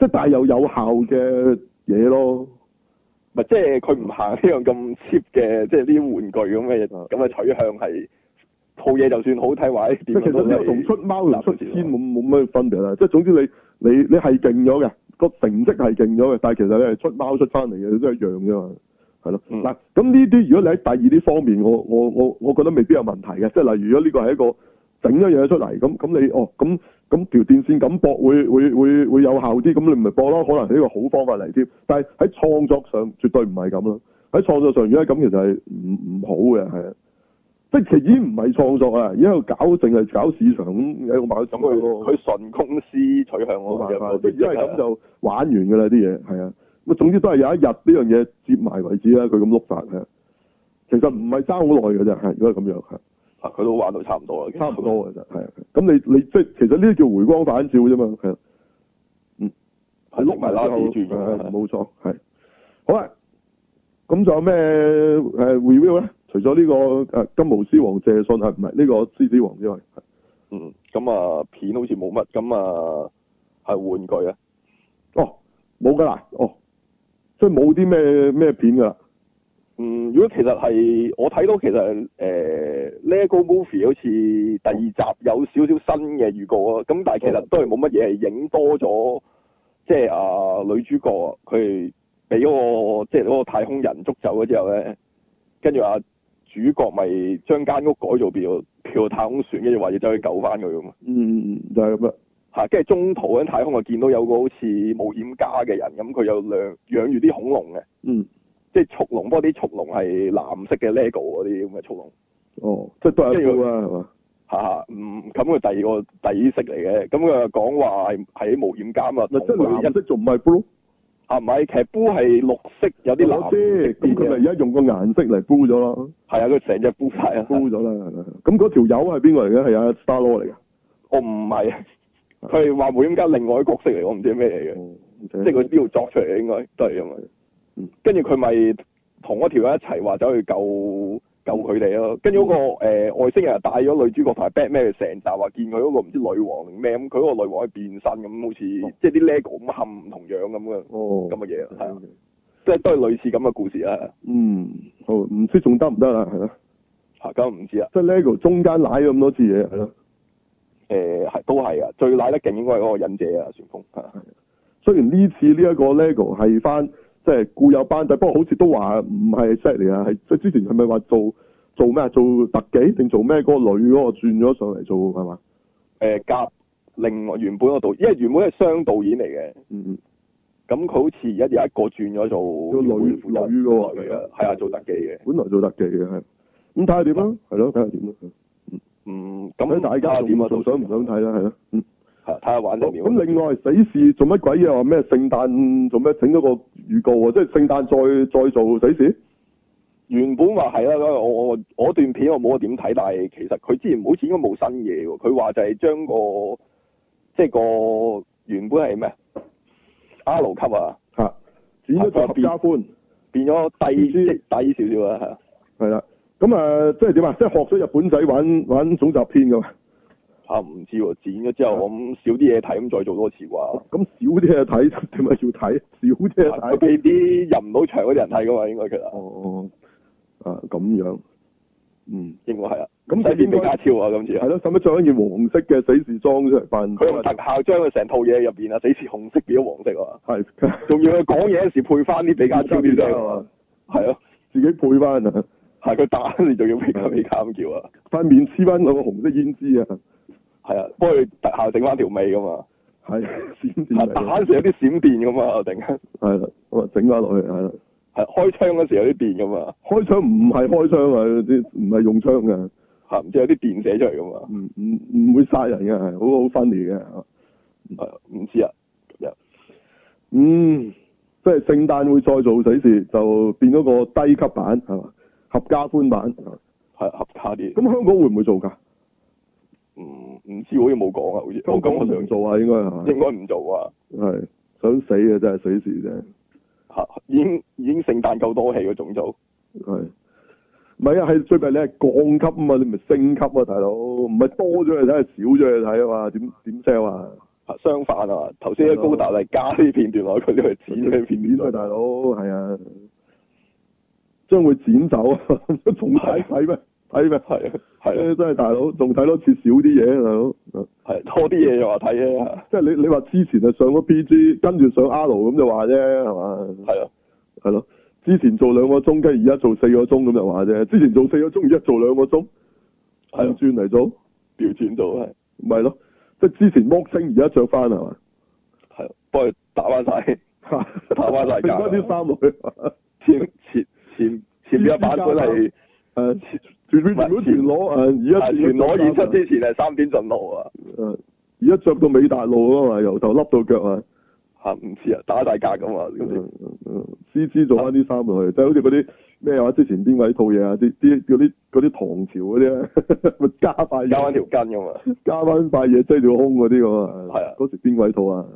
即係大有有效嘅嘢咯。咪、嗯，即係佢唔行呢樣咁 cheap 嘅，即係啲玩具咁嘅嘢，咁、嗯、嘅取向係。套嘢就算好睇，話即係其實呢個同出貓，出千冇冇咩分別啦。即、嗯、係總之你你你係勁咗嘅，個成績係勁咗嘅，但係其實你係出貓出翻嚟嘅，都一樣嘅嘛，係咯。嗱，咁呢啲如果你喺第二啲方面，我我我我覺得未必有問題嘅。即係例如如果呢個係一個整咗嘢出嚟，咁咁你哦咁咁條電線咁駁會會會會有效啲，咁你咪駁咯，可能係一個好方法嚟添。但係喺創作上絕對唔係咁咯。喺創作上如果係咁，其實係唔唔好嘅，係啊。即其已經唔係創作啦，而係搞淨係搞市場咁一個某種嘅咯。佢純公司取向嗰辦法，因為咁就玩完噶啦啲嘢，係啊。咁、啊、總之都係有一日呢樣嘢接埋為止啦。佢咁碌法。嘅，其實唔係爭好耐嘅啫。係如果係咁樣，佢都玩到差唔多啦。差唔多嘅啫。係。咁、啊、你你即係其實呢啲叫回光返照啫嘛。係、啊。嗯。係碌埋啲住冇錯，係、啊啊啊啊啊。好啦、啊。咁仲有咩誒、呃、review 咧？除咗呢個誒金毛獅王謝信係唔係呢個獅子王之外，嗯，咁啊片好似冇乜，咁啊係玩具啊，哦冇㗎啦，哦即係冇啲咩咩片㗎，嗯，如果其實係我睇到其實誒呢一個 movie 好似第二集有少少新嘅預告啊，咁但係其實都係冇乜嘢，係影、嗯、多咗即係啊女主角啊，佢俾嗰個即係嗰個太空人捉走咗之後咧，跟住啊主角咪將間屋改做變個太空船，跟住話要走去救翻佢咁。嗯就係咁啊。嚇，跟住中途喺太空啊見到有個好似冒險家嘅人，咁佢有兩養住啲恐龍嘅。嗯。即係速龍，不過啲速龍係藍色嘅 Lego 嗰啲咁嘅速龍。哦，即係都有啊，係、哦、嘛？嚇嚇，嗯，咁佢第二個底色嚟嘅，咁佢講話係係冒險家啊嘛。嗱，即係佢顏色仲唔係啊唔係，其實煲係綠色有啲藍色，咁佢咪而家用個顏色嚟煲咗咯。係啊，佢成隻煲晒啊，煲咗啦。咁嗰條友係邊個嚟嘅？係阿 Star Lord 嚟嘅。我唔係，佢係話梅家另外一個角色嚟，我唔知咩嚟嘅。即係佢呢度作出嚟應該對啊嘛。跟住佢咪同嗰條友一齊話走去救。救佢哋咯，跟住嗰個、呃、外星人帶咗女主角牌 Batman，成集話見佢嗰個唔知女王定咩咁，佢個個女王係變身咁，好似、oh. 即係啲 Lego 喊唔同樣咁嘅咁嘅嘢，係、oh. 啊、即係都係類似咁嘅故事啦、啊。嗯，好唔知仲得唔得啦，係咯嚇咁唔知啊，即係 Lego 中間奶咗咁多次嘢係咯，誒、啊啊、都係啊，最奶得勁應該係嗰個忍者啊，旋風啊，雖然呢次呢一個 Lego 係翻。即係固有班底，但像不過好似都話唔係 set 嚟啊，係即之前係咪話做做咩啊？做特技定做咩？嗰、那個女嗰個轉咗上嚟做係嘛？誒隔、呃、另外原本個導，因為原本係雙導演嚟嘅，嗯嗯，咁佢好似而家一一個轉咗做女女嘅喎、啊，而家係啊，做特技嘅，本來做特技嘅係，咁睇下點啦，係咯，睇下點啦，嗯、啊樣啊、嗯，咁、嗯、大家點啊？想唔想睇啦？係、嗯、咯。睇下玩得掂。咁、哦嗯、另外死侍做乜鬼啊？話咩聖誕做咩整咗個預告、啊、即係聖誕再再做死侍？原本話係啦，我我我段片我冇點睇，但係其實佢之前好似應該冇新嘢喎。佢話就係將個即係個原本係咩 R 級啊吓，剪、啊、咗合家歡，變咗低積低少少啊吓。係啦，咁啊即係點啊？即係學咗日本仔玩玩總集篇噶怕、啊、唔知喎，剪咗之後咁、啊、少啲嘢睇，咁再做多次啩？咁、啊、少啲嘢睇，點解要睇少啲嘢睇？俾啲入唔到場嗰啲人睇噶嘛？應該其實哦哦啊咁、啊、樣嗯，應該係啊。咁使唔使比卡超啊？今次係咯，使唔使著一件黃色嘅死侍裝出嚟翻？佢用特效將佢成套嘢入邊啊，死侍紅色變咗黃色啊！係，仲要佢講嘢嗰時配翻啲比卡超啲聲啊！係咯、啊，自己配翻啊！係佢打你，仲要比卡比卡咁叫啊！塊、啊啊啊啊啊、面黐翻兩個紅色胭脂啊！係啊，幫佢特效整翻條尾噶嘛，係 閃電。打嗰時有啲閃電噶嘛，突然間。係啦、啊，咁啊整翻落去係啦。係、啊、開槍嗰時有啲電噶嘛，開槍唔係開槍啊，啲唔係用槍噶吓，唔知有啲電射出嚟噶嘛唔唔唔會殺人嘅，係好好 funny 嘅，係唔知啊，咁樣、啊啊。嗯，即係聖誕會再做死事，就變咗個低級版係嘛，合家歡版係、啊、合家啲。咁香港會唔會做噶？唔、嗯、唔知，好似冇講啊，好似咁我想做啊，應該係應該唔做啊？係想死時啊真係死事啫。吓，已經已經聖誕夠多戲，個總唔係咪啊？係最近你係降級啊嘛，你唔係升級啊，大佬？唔係多咗嘅睇，係少咗嘅睇啊嘛？點點 sell 啊？相反啊？頭先高達係加啲片段落去，你咪剪嘅片段咯，大佬係啊，將會剪走啊？仲使睇咩？ 睇咩？係啊，係、啊、真係大佬，仲睇多次少啲嘢，係，咯係多啲嘢又話睇啊。即係你你話之前啊上咗 PG 跟住上 R 咁就話啫，係嘛？係啊，係咯。之前做兩個鐘，跟住而家做四個鐘咁就話啫。之前做四個鐘，而家做兩個鐘，係轉嚟咗，調轉做係，係咯、啊就是啊？即係之前剝星而家着翻係嘛？係幫佢打翻晒， 打翻晒架。脱啲衫落前 前前前前兩版都係誒。全裸全裸，而家裸演出，之前係三點盡露啊！而家着到尾大路啊嘛，由頭笠到腳啊！行唔似啊，打大架咁啊！嗯嗯，C C 做翻啲衫落去，即係好似嗰啲咩話，之前邊位套嘢啊？啲啲嗰啲唐朝嗰啲啊，咪 加塊加翻條筋咁啊！加翻塊嘢遮住胸嗰啲咁啊！係啊，嗰時邊位套啊？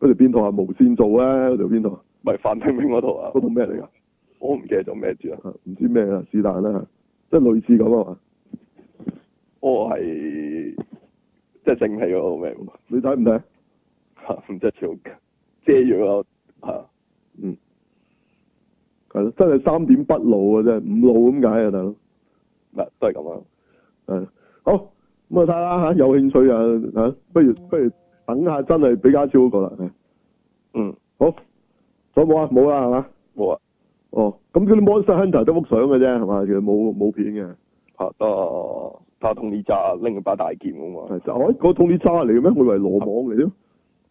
嗰條邊套係、啊、無綫做啊？嗰條邊套啊？唔係范冰冰嗰套啊？嗰套咩嚟噶？ 我唔記得做咩住啊，唔知咩啊是但啦，即係類似咁啊嘛。我係即係正氣個名，你睇唔睇？吓、啊，唔着住遮住我、那個，吓、啊，嗯，係真係三點不露啊，真係唔露咁解啊，大佬。嗱，都係咁樣。好，咁啊睇下吓，有興趣啊吓，不如不如等下真係俾家超嗰啦。嗯，好，仲有冇啊？冇啦係嘛？冇啊。哦，咁佢哋 Monster Hunter 得幅相嘅啫，係嘛？其實冇冇片嘅，吓，啊，啊，通呢揸拎住把大劍咁嘛係，喂、啊，嗰、啊啊那個托尼扎嚟嘅咩？我以為羅網嚟啫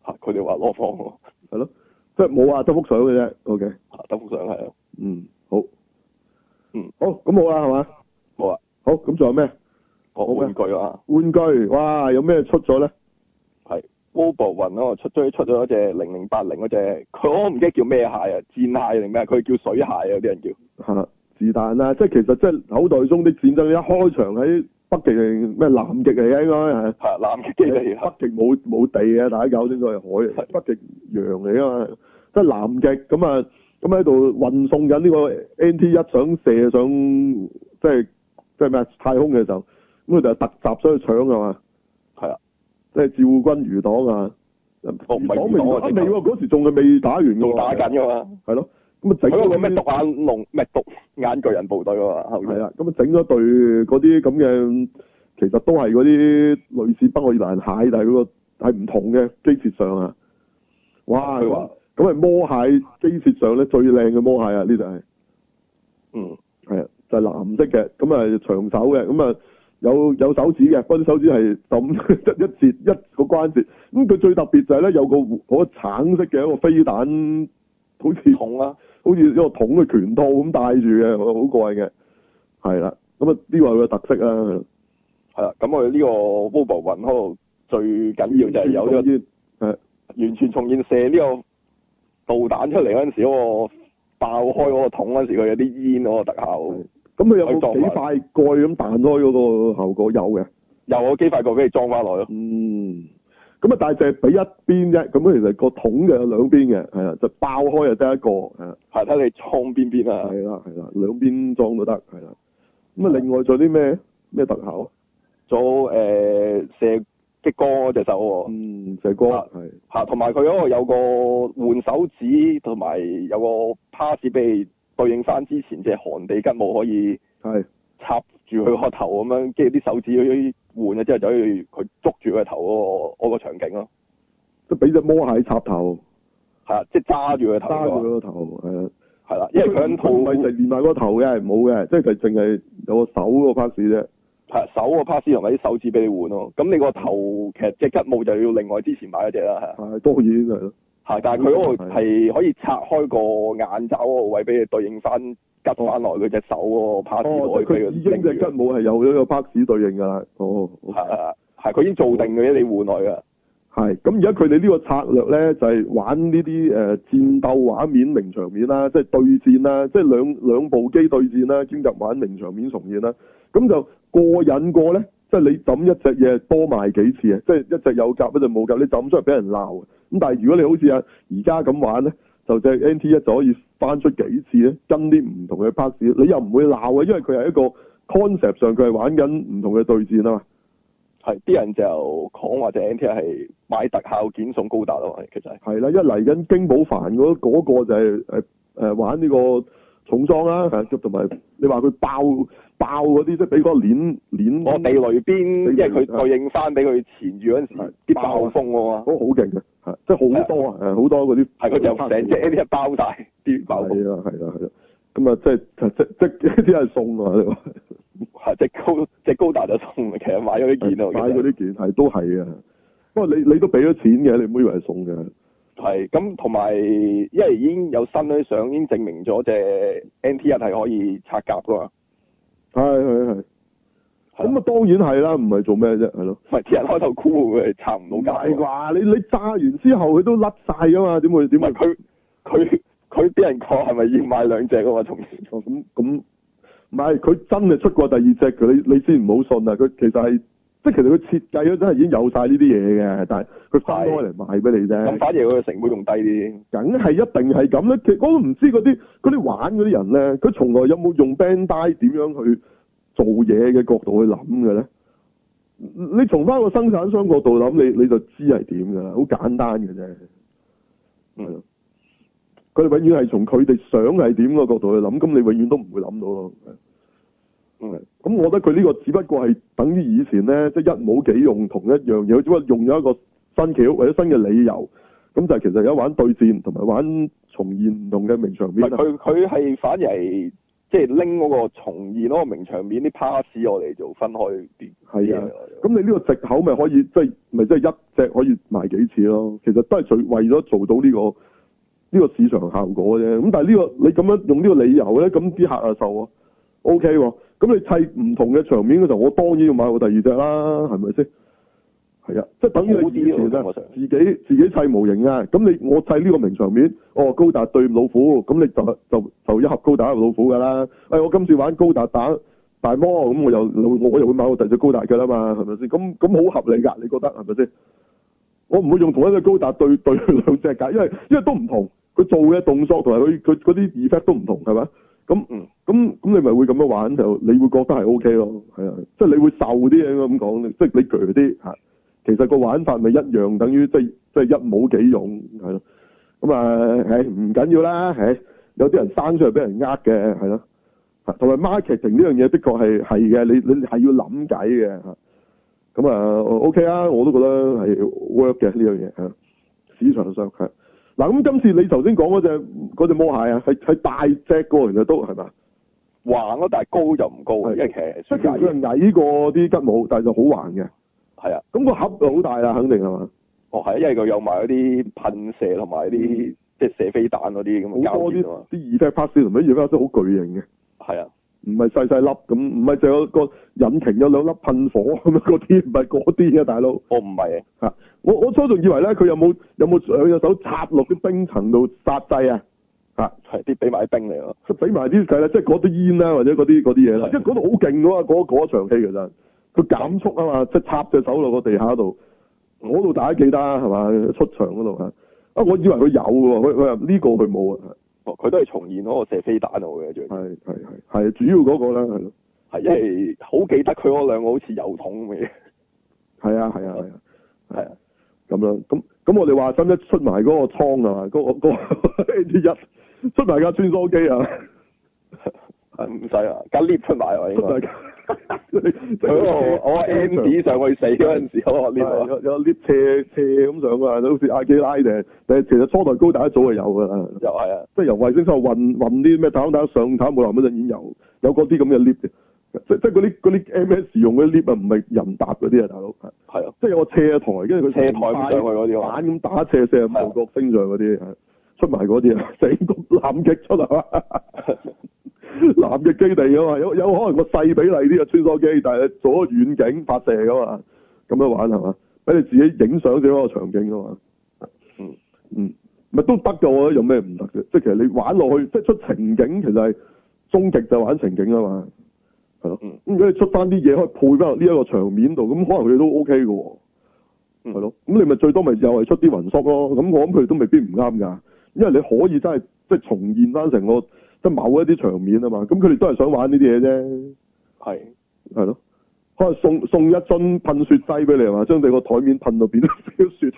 吓，佢哋話羅網喎，係咯，即係冇啊，得幅相嘅啫，O K，吓，得幅相係啊，嗯，好，嗯，好，咁好啦，係嘛？好啊，好，咁仲有咩？好玩具啊，玩具，哇，有咩出咗咧？波布雲，出咗，出咗一隻零零八零嗰隻，佢我唔記得叫咩蟹啊，戰蟹定咩？佢叫水蟹叫啊，啲人叫。係啦，子彈啦，即係其實即係口袋中啲戰爭一開場喺北極定咩？南極嚟嘅應該係。南極地。北極冇冇地啊。大家搞清楚係海。北極洋嚟啊嘛，即係南極咁啊，咁喺度運送緊呢個 NT 一想射上即係即係咩太空嘅時候，咁佢就突襲想去搶係嘛？即係趙軍餘黨啊！唔講未？未嗰時仲係未打完嘅，打緊噶嘛？係咯，咁啊整咗個咩獨眼龍，咩係獨眼巨人部隊啊？嘛？係啦，咁啊整咗隊嗰啲咁嘅，其實都係嗰啲類似不畏難蟹，但係嗰、嗰個係唔同嘅機設上啊！哇，佢話咁係魔蟹機設上咧最靚嘅魔蟹啊！呢度係，嗯，係就係、係、藍色嘅，咁啊長手嘅，咁啊。有有手指嘅，分手指係咁一一節一個關節。咁佢最特別就係咧，有個好橙色嘅一個飛彈，好似筒啦，好似一個筒嘅拳套咁戴住嘅，好怪嘅。係啦，咁啊呢個係佢嘅特色啦。係啦，咁佢呢個 mobile 云嗰度最緊要就係有咗，係完全重現射呢個導彈出嚟嗰陣時，嗰個爆開嗰個筒嗰陣時，佢有啲煙嗰個特效。咁佢有冇幾塊蓋咁彈開嗰個效果？有嘅，有個幾塊蓋俾你裝翻落去。咁、嗯、咪但係就俾一邊啫。咁啊，其實個桶嘅有兩邊嘅，係啊，就爆開就得一個，係睇你裝邊邊啊。係啦，係啦，兩邊裝都得，係啦。咁啊，另外做啲咩？咩特效？做誒、呃、射激光嗰隻手喎。嗯，射光係。同埋佢嗰個有個換手指，同埋有，有個 pass 俾。對應翻之前隻寒地吉姆可以係插住佢個頭咁樣，跟住啲手指可以換啊，之後就可以佢捉住佢個頭嗰個場景咯，即係俾隻魔蟹插頭，係啊，即係揸住佢頭，揸住佢個頭，係啊，係啦，因為佢套頭係連埋個頭嘅，冇嘅，即係佢淨係有個手個 pass 啫，係手個 pass 同埋啲手指俾你換咯。咁你個頭其實隻吉姆就要另外之前買一隻啦，係啊，當然係啦。但係佢嗰度係可以拆開個眼罩嗰個位俾你對應翻，吉翻來佢隻手喎。p a s 佢。哦，佢已經只吉冇係有咗個 pass 對應噶啦。哦，係，係佢已經做定嘅啫，你換佢㗎。係，咁而家佢哋呢個策略咧，就係、是、玩呢啲誒戰鬥畫面、名場面啦，即係對戰啦，即係兩兩部機對戰啦，兼就玩名場面重現啦，咁就過癮過咧。即係你抌一隻嘢多賣幾次啊！即係一隻有夾一隻冇夾，你抌出嚟俾人鬧，咁但係如果你好似啊而家咁玩咧，就隻 NT 一就可以翻出幾次咧，跟啲唔同嘅 packs，你又唔會鬧嘅，因為佢係一個 concept 上佢係玩緊唔同嘅對戰啊嘛。係啲人就講話隻 NT 係買特效件送高達咯，其實係。係啦，一嚟緊京寶凡嗰嗰個就係、誒呃、玩呢、呢個。桶裝啦、啊，同埋你話佢爆爆嗰啲，即係俾個鏈鏈我、啊那個、地雷邊即係佢對應翻俾佢纏住嗰陣時，啲爆，爆風喎，都好勁啊！即係好多啊，係好多嗰啲係又成隻啲人包曬啲爆風，係啦係啦係啦，咁啊即係即即啲人送你係 即高即高達就送，其實買咗啲件咯，買咗啲件係都係啊。不過你你都俾咗錢嘅，你唔好以為係送嘅。係，咁同埋，因為已經有新嗰啲相，已經證明咗隻 NT1 係可以拆甲噶嘛。係係係。咁啊，當然係啦，唔係做咩啫，係咯。咪啲人開頭箍佢拆唔到甲。唔係啩？你你炸完之後，佢都甩晒噶嘛？點會點會？佢佢佢啲人講係咪要買兩隻噶嘛？仲咁咁，唔係佢真係出過第二隻佢。你先唔好信啦。佢其實係。即係其實佢設計咗真係已經有晒呢啲嘢嘅，但係佢收多嚟賣俾你啫。反而佢嘅成本仲低啲，梗係一定係咁啦。其實我都唔知嗰啲啲玩嗰啲人咧，佢從來有冇用 Bandai 點樣去做嘢嘅角度去諗嘅咧？你從翻個生產商角度諗，你你就知係點㗎啦，好簡單嘅啫。嗯，佢哋永遠係從佢哋想係點嘅角度去諗，咁你永遠都唔會諗到咯。咁、嗯嗯、我覺得佢呢個只不過係等於以前咧，即、就、係、是、一冇幾用同一樣嘢，只不過用咗一個新橋或者新嘅理由，咁就其實而家玩對戰同埋玩重現唔同嘅名場面。佢佢係反而係即係拎嗰個重現嗰個名場面啲 pass 我哋就分開啲。係啊，咁你呢個藉口咪可以即係咪即係一隻可以賣幾次咯？其實都係最為咗做到呢、這個呢、這個市場效果啫。咁但係呢、這個你咁樣用呢個理由咧，咁啲客啊受啊，OK 咁你砌唔同嘅場面嘅時候，我當然要買我第二隻啦，係咪先？係啊，即係等於以前自己自己砌模型啊。咁你我砌呢個名場面，哦高達對老虎，咁你就就就，就一盒高達一盒老虎噶啦。誒、哎，我今次玩高達打大魔，咁我又我又會買我第二隻高達噶啦嘛，係咪先？咁咁好合理噶，你覺得係咪先？我唔會用同一隻高達對對兩隻噶，因為因為都唔同，佢做嘅動作同埋佢佢嗰啲 effect 都唔同，係咪咁咁咁你咪會咁樣玩就，你會覺得係 O K 咯。係啊，即係你會瘦啲嘅咁講，即係你攰啲嚇。其實個玩法咪一樣，等於即係即係一冇幾用係咯。咁啊，誒唔緊要啦，誒有啲人生出嚟俾人呃嘅係咯，同埋 marketing 呢樣嘢的確係係嘅，你你係要諗計嘅嚇。咁啊 O K 啊，我都覺得係 work 嘅呢樣嘢嚇，市場上嗱咁今次你頭先講嗰隻隻魔蟹啊，係係大隻過，原來都係咪？橫啊，但係高就唔高，係因為其實佢矮過啲吉姆，但係就好橫嘅。係啊，咁個盒就好大啦，肯定係嘛？哦，係，因為佢有埋嗰啲噴射同埋啲即係射飛彈嗰啲咁嘅膠啲二體拍攝，同乜嘢都好巨型嘅。係啊。唔係細細粒咁，唔係淨有個引擎有兩粒噴火咁嗰啲，唔係嗰啲嘅大佬，哦。我唔係啊！嚇！我我初仲以為咧，佢有冇有冇上有手插落啲冰層度剎掣啊？嚇，啲俾埋啲冰嚟咯，俾埋啲係啦，即係嗰啲煙啦，或者嗰啲啲嘢啦。因為嗰度好勁啊嘛，嗰嗰、就是那個、場戲其實佢減速啊嘛，即、就、係、是、插隻手落個地下度。嗰度大家記得啊，係嘛出場嗰度啊？啊，我以為佢有喎，佢佢呢個佢冇啊。哦，佢都係重現嗰個射飛彈度嘅最，係係主要嗰個呢，係咯，係因為好記得佢嗰兩個好似油桶咁嘅，係啊係啊係啊，咁樣，咁咁我哋話使唔使出埋嗰個倉啊？嗰、啊啊啊啊、個嗰、嗰個，一、嗰個嗰個、出埋架穿梭機啊？ 唔使 他很 啊，跟 lift 出埋喎。佢我 m d 上去死嗰陣時，我話 lift 有有 lift 斜斜咁上去，好似阿基拉定。其實初代高達一早就有㗎。又係啊，即係由衛星上運運啲咩坦克上坦克，冇諗到已經有有嗰啲咁嘅 lift。即即係嗰啲嗰啲 M S 用嗰啲 lift 啊，唔係人搭嗰啲啊，大佬。係啊，即係有個斜台，跟住佢斜唔上去嗰啲話。咁打斜斜、啊，無國兵上啲。出埋嗰啲啊，成個南極出嚟嘛？南 極基地啊嘛，有有可能個細比例啲嘅穿梭機，但係做咗遠景發射噶嘛，咁樣玩係嘛？俾你自己影相咗咯，個場景啊嘛。嗯嗯，咪都得嘅，喎，有咩唔得嘅？即係其實你玩落去，即係出情景，其實係終極就玩情景啊嘛，係咯。咁、嗯、如果你出翻啲嘢可以配翻落呢一個場面度，咁可能佢哋都 OK 㗎喎，係咯。咁、嗯、你咪最多咪又係出啲雲縮咯。咁我諗佢都未必唔啱㗎。因為你可以真係即係重現翻成個即係某一啲場面啊嘛，咁佢哋都係想玩呢啲嘢啫。係係咯，可能送送一樽噴雪劑俾你係嘛，將你個台面噴到變到飄雪，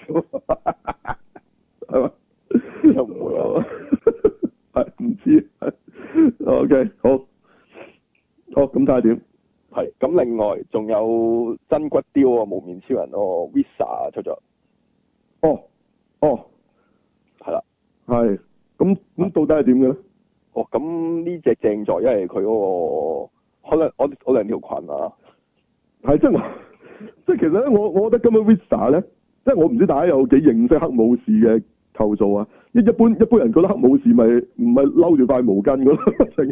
係 咪？又唔會咯、啊，係 唔知。OK 好，好咁睇下點。係咁，另外仲有真骨雕啊，無面超人哦，Visa 出咗。哦哦。係，咁咁到底係點嘅咧？哦，咁呢隻正在，因為佢嗰個可能我兩我兩條裙啊，係即係其實咧，我我覺得今日 Visa 咧，即係我唔知大家有幾認識黑武士嘅構造啊？一一般一般人覺得黑武士咪唔係撈住塊毛巾嘅咯，成日，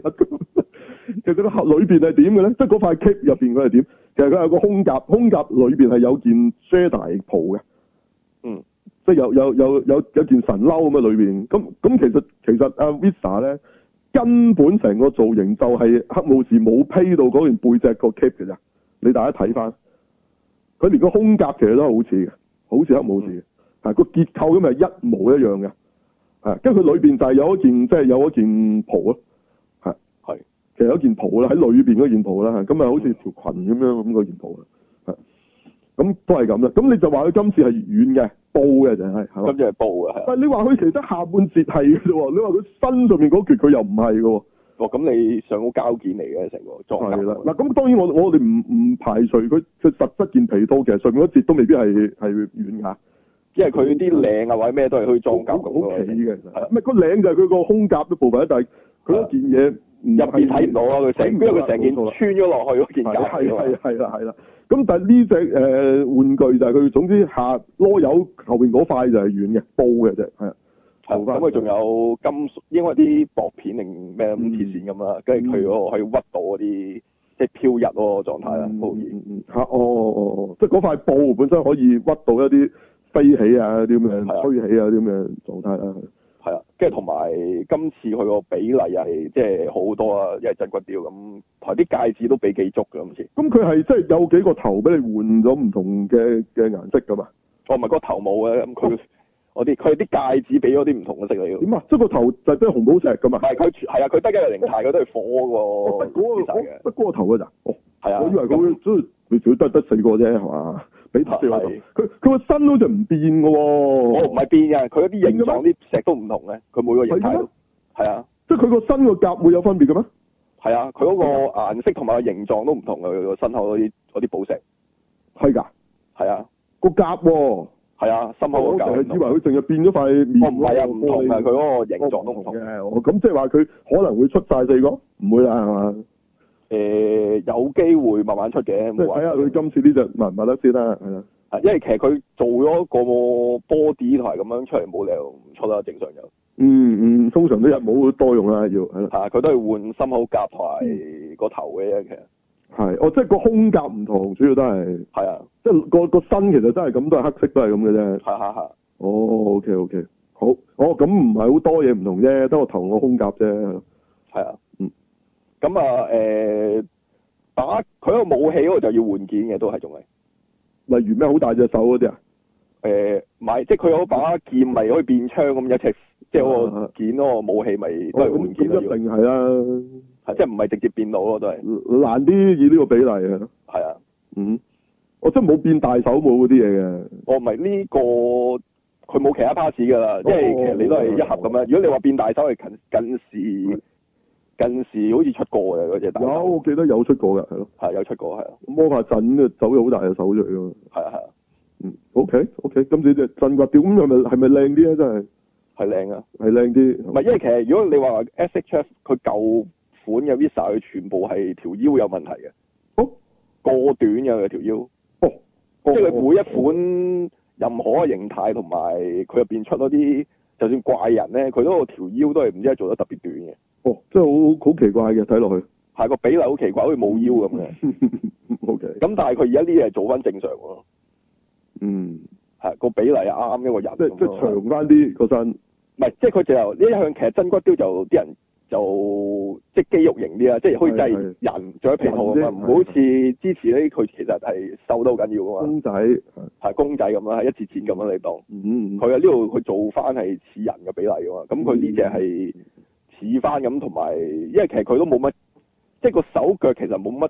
其實佢個黑裏邊係點嘅咧？即係嗰塊 Keep 入邊佢係點？其實佢有一個胸甲，胸甲裏邊係有件遮大袍嘅。有有有有有件神褸咁咪裏面，咁咁，其實其實阿 Visa 咧，根本成個造型就係黑武士冇披到嗰件背脊個 cap 嘅咋？你大家睇翻，佢連個胸甲其實都好似嘅，好似黑武士啊！個、嗯、結構咁係一模一樣嘅啊！跟住佢裏面就係有一件即係、就是、有一件袍咯，係係，其實有一件袍啦，喺裏面嗰件袍啦，咁啊好似條裙咁樣咁嗰件袍咁都係咁啦，咁你就話佢今次係軟嘅，布嘅就係，係嘛？今次就係布嘅。但係你話佢其實下半截係嘅喎，你話佢身上面嗰橛佢又唔係嘅喎。哦，咁你上嗰膠件嚟嘅成個，裝甲。係啦，嗱，咁當然我我哋唔唔排除佢佢實質件皮套，其實上面嗰截都未必係係軟㗎，因為佢啲領啊或者咩都係去裝甲。胸甲咁。O K 嘅。係。唔係個領就係佢個胸甲嘅部分，但係。嗰件嘢入邊睇唔到啊！佢成，因為佢成件穿咗落去嗰件架，係啦係啦係啦。咁但係呢隻誒玩具就係、是、佢總之下籮柚後邊嗰塊就係軟嘅布嘅啫，係。係咁啊，仲、哦、有金，因為啲薄片定咩鐵線咁啊，跟住佢嗰個可以屈到嗰啲、嗯嗯哦嗯哦嗯，即係飄逸嗰個狀態啦。冇嘢哦哦，即係嗰塊布本身可以屈到一啲飛起啊，啲咁樣吹起啊，啲咁嘅狀態啦。嗯嗯係啊，跟住同埋今次佢個比例係即係好多啊，一係真骨雕咁，同埋啲戒指都俾幾足㗎。好似。咁佢係即係有幾個頭俾你換咗唔同嘅嘅顏色㗎嘛？哦，唔係、個頭冇嘅，咁佢我啲佢啲戒指俾咗啲唔同嘅色嚟。點啊？即個頭就都係紅寶石㗎嘛？係佢啊！佢得嘅係靈態，佢都係火嘅喎。不過嗰個頭嘅咋？哦，係、哦哦那個哦、啊。我以為佢、那、真、個。嗯佢最多得得四個啫，係嘛？俾台佢佢個、啊、身好似唔變噶喎。哦，唔係變噶，佢一啲形狀啲石都唔同嘅，佢每個形態。係啊。即係佢個身個甲會有分別嘅咩？係啊，佢嗰個顏色同埋個形狀都唔同嘅，身後嗰啲嗰啲寶石。係噶。係啊。個甲。係啊，身後個甲。我以為佢淨係變咗塊面。唔係啊，唔同埋佢嗰個形狀都唔同。咁即係話佢可能會出晒四個，唔、嗯、會啦，係嘛？誒、呃，有機會慢慢出嘅。即係佢今次呢就麻麻得先啦、啊，係啦，因為其實佢做咗個波啲台同埋咁樣出嚟冇理由唔出啦，正常有嗯嗯，通常都冇好多用啦，要係啦。係啊，佢都係換心口甲同埋個頭嘅啫、嗯，其實。係，哦，即係個胸甲唔同，主要都係。係啊，即係個個身其實都係咁，都係黑色，都係咁嘅啫。係係係。哦，OK OK，好。哦，咁唔係好多嘢唔同啫，得個頭個胸甲啫。係啊。咁、嗯、啊，誒打佢個武器嗰個就要換件嘅，都係仲係。例如咩好大隻手嗰啲啊？誒、欸，咪即係佢有把劍咪可以變槍咁、嗯、一尺，即係個劍個武器咪都要換件。啊哦、一定係啦、啊，即係唔係直接變老咯，都係難啲以呢個比例啊。係啊，嗯，我真係冇變大手冇嗰啲嘢嘅。我唔係呢個，佢冇其他 part 㗎啦，即係其實你都係一盒咁樣、哦。如果你話變大手係、嗯、近近視。近時好似出過嘅嗰隻大，有我記得有出過嘅，係咯，係有出過，係魔法陣嘅走咗好大隻手出嚟嘅，係啊係啊，嗯，O K O K，今次隻震核吊咁係咪係咪靚啲咧？真係係靚啊，係靚啲。唔係因為其實如果你話 S H F 佢舊款嘅 V i s a 佢全部係條腰有問題嘅，哦，過短嘅條腰，哦，即係每一款任何嘅形態同埋佢入邊出嗰啲，就算怪人咧，佢嗰個條腰都係唔知係做得特別短嘅。哦，真係好好奇怪嘅睇落去，係個比例好奇怪，好似冇腰咁嘅。OK，咁但係佢而家呢嘢做翻正常咯。嗯，係個比例啱啱嘅，個人，即即長翻啲個身。唔係，即係佢就呢一向其實真骨雕就啲、是、人就，就即肌肉型啲啊，即係可以制人做有平衡唔好似之前呢，佢其實係瘦都好緊要噶嘛。公仔係公仔咁啊，係一次錢咁啊，嚟當。嗯，佢喺呢度去做翻係似人嘅比例啊嘛，咁佢呢隻係。指翻咁，同埋，因為其實佢都冇乜，即係個手腳其實冇乜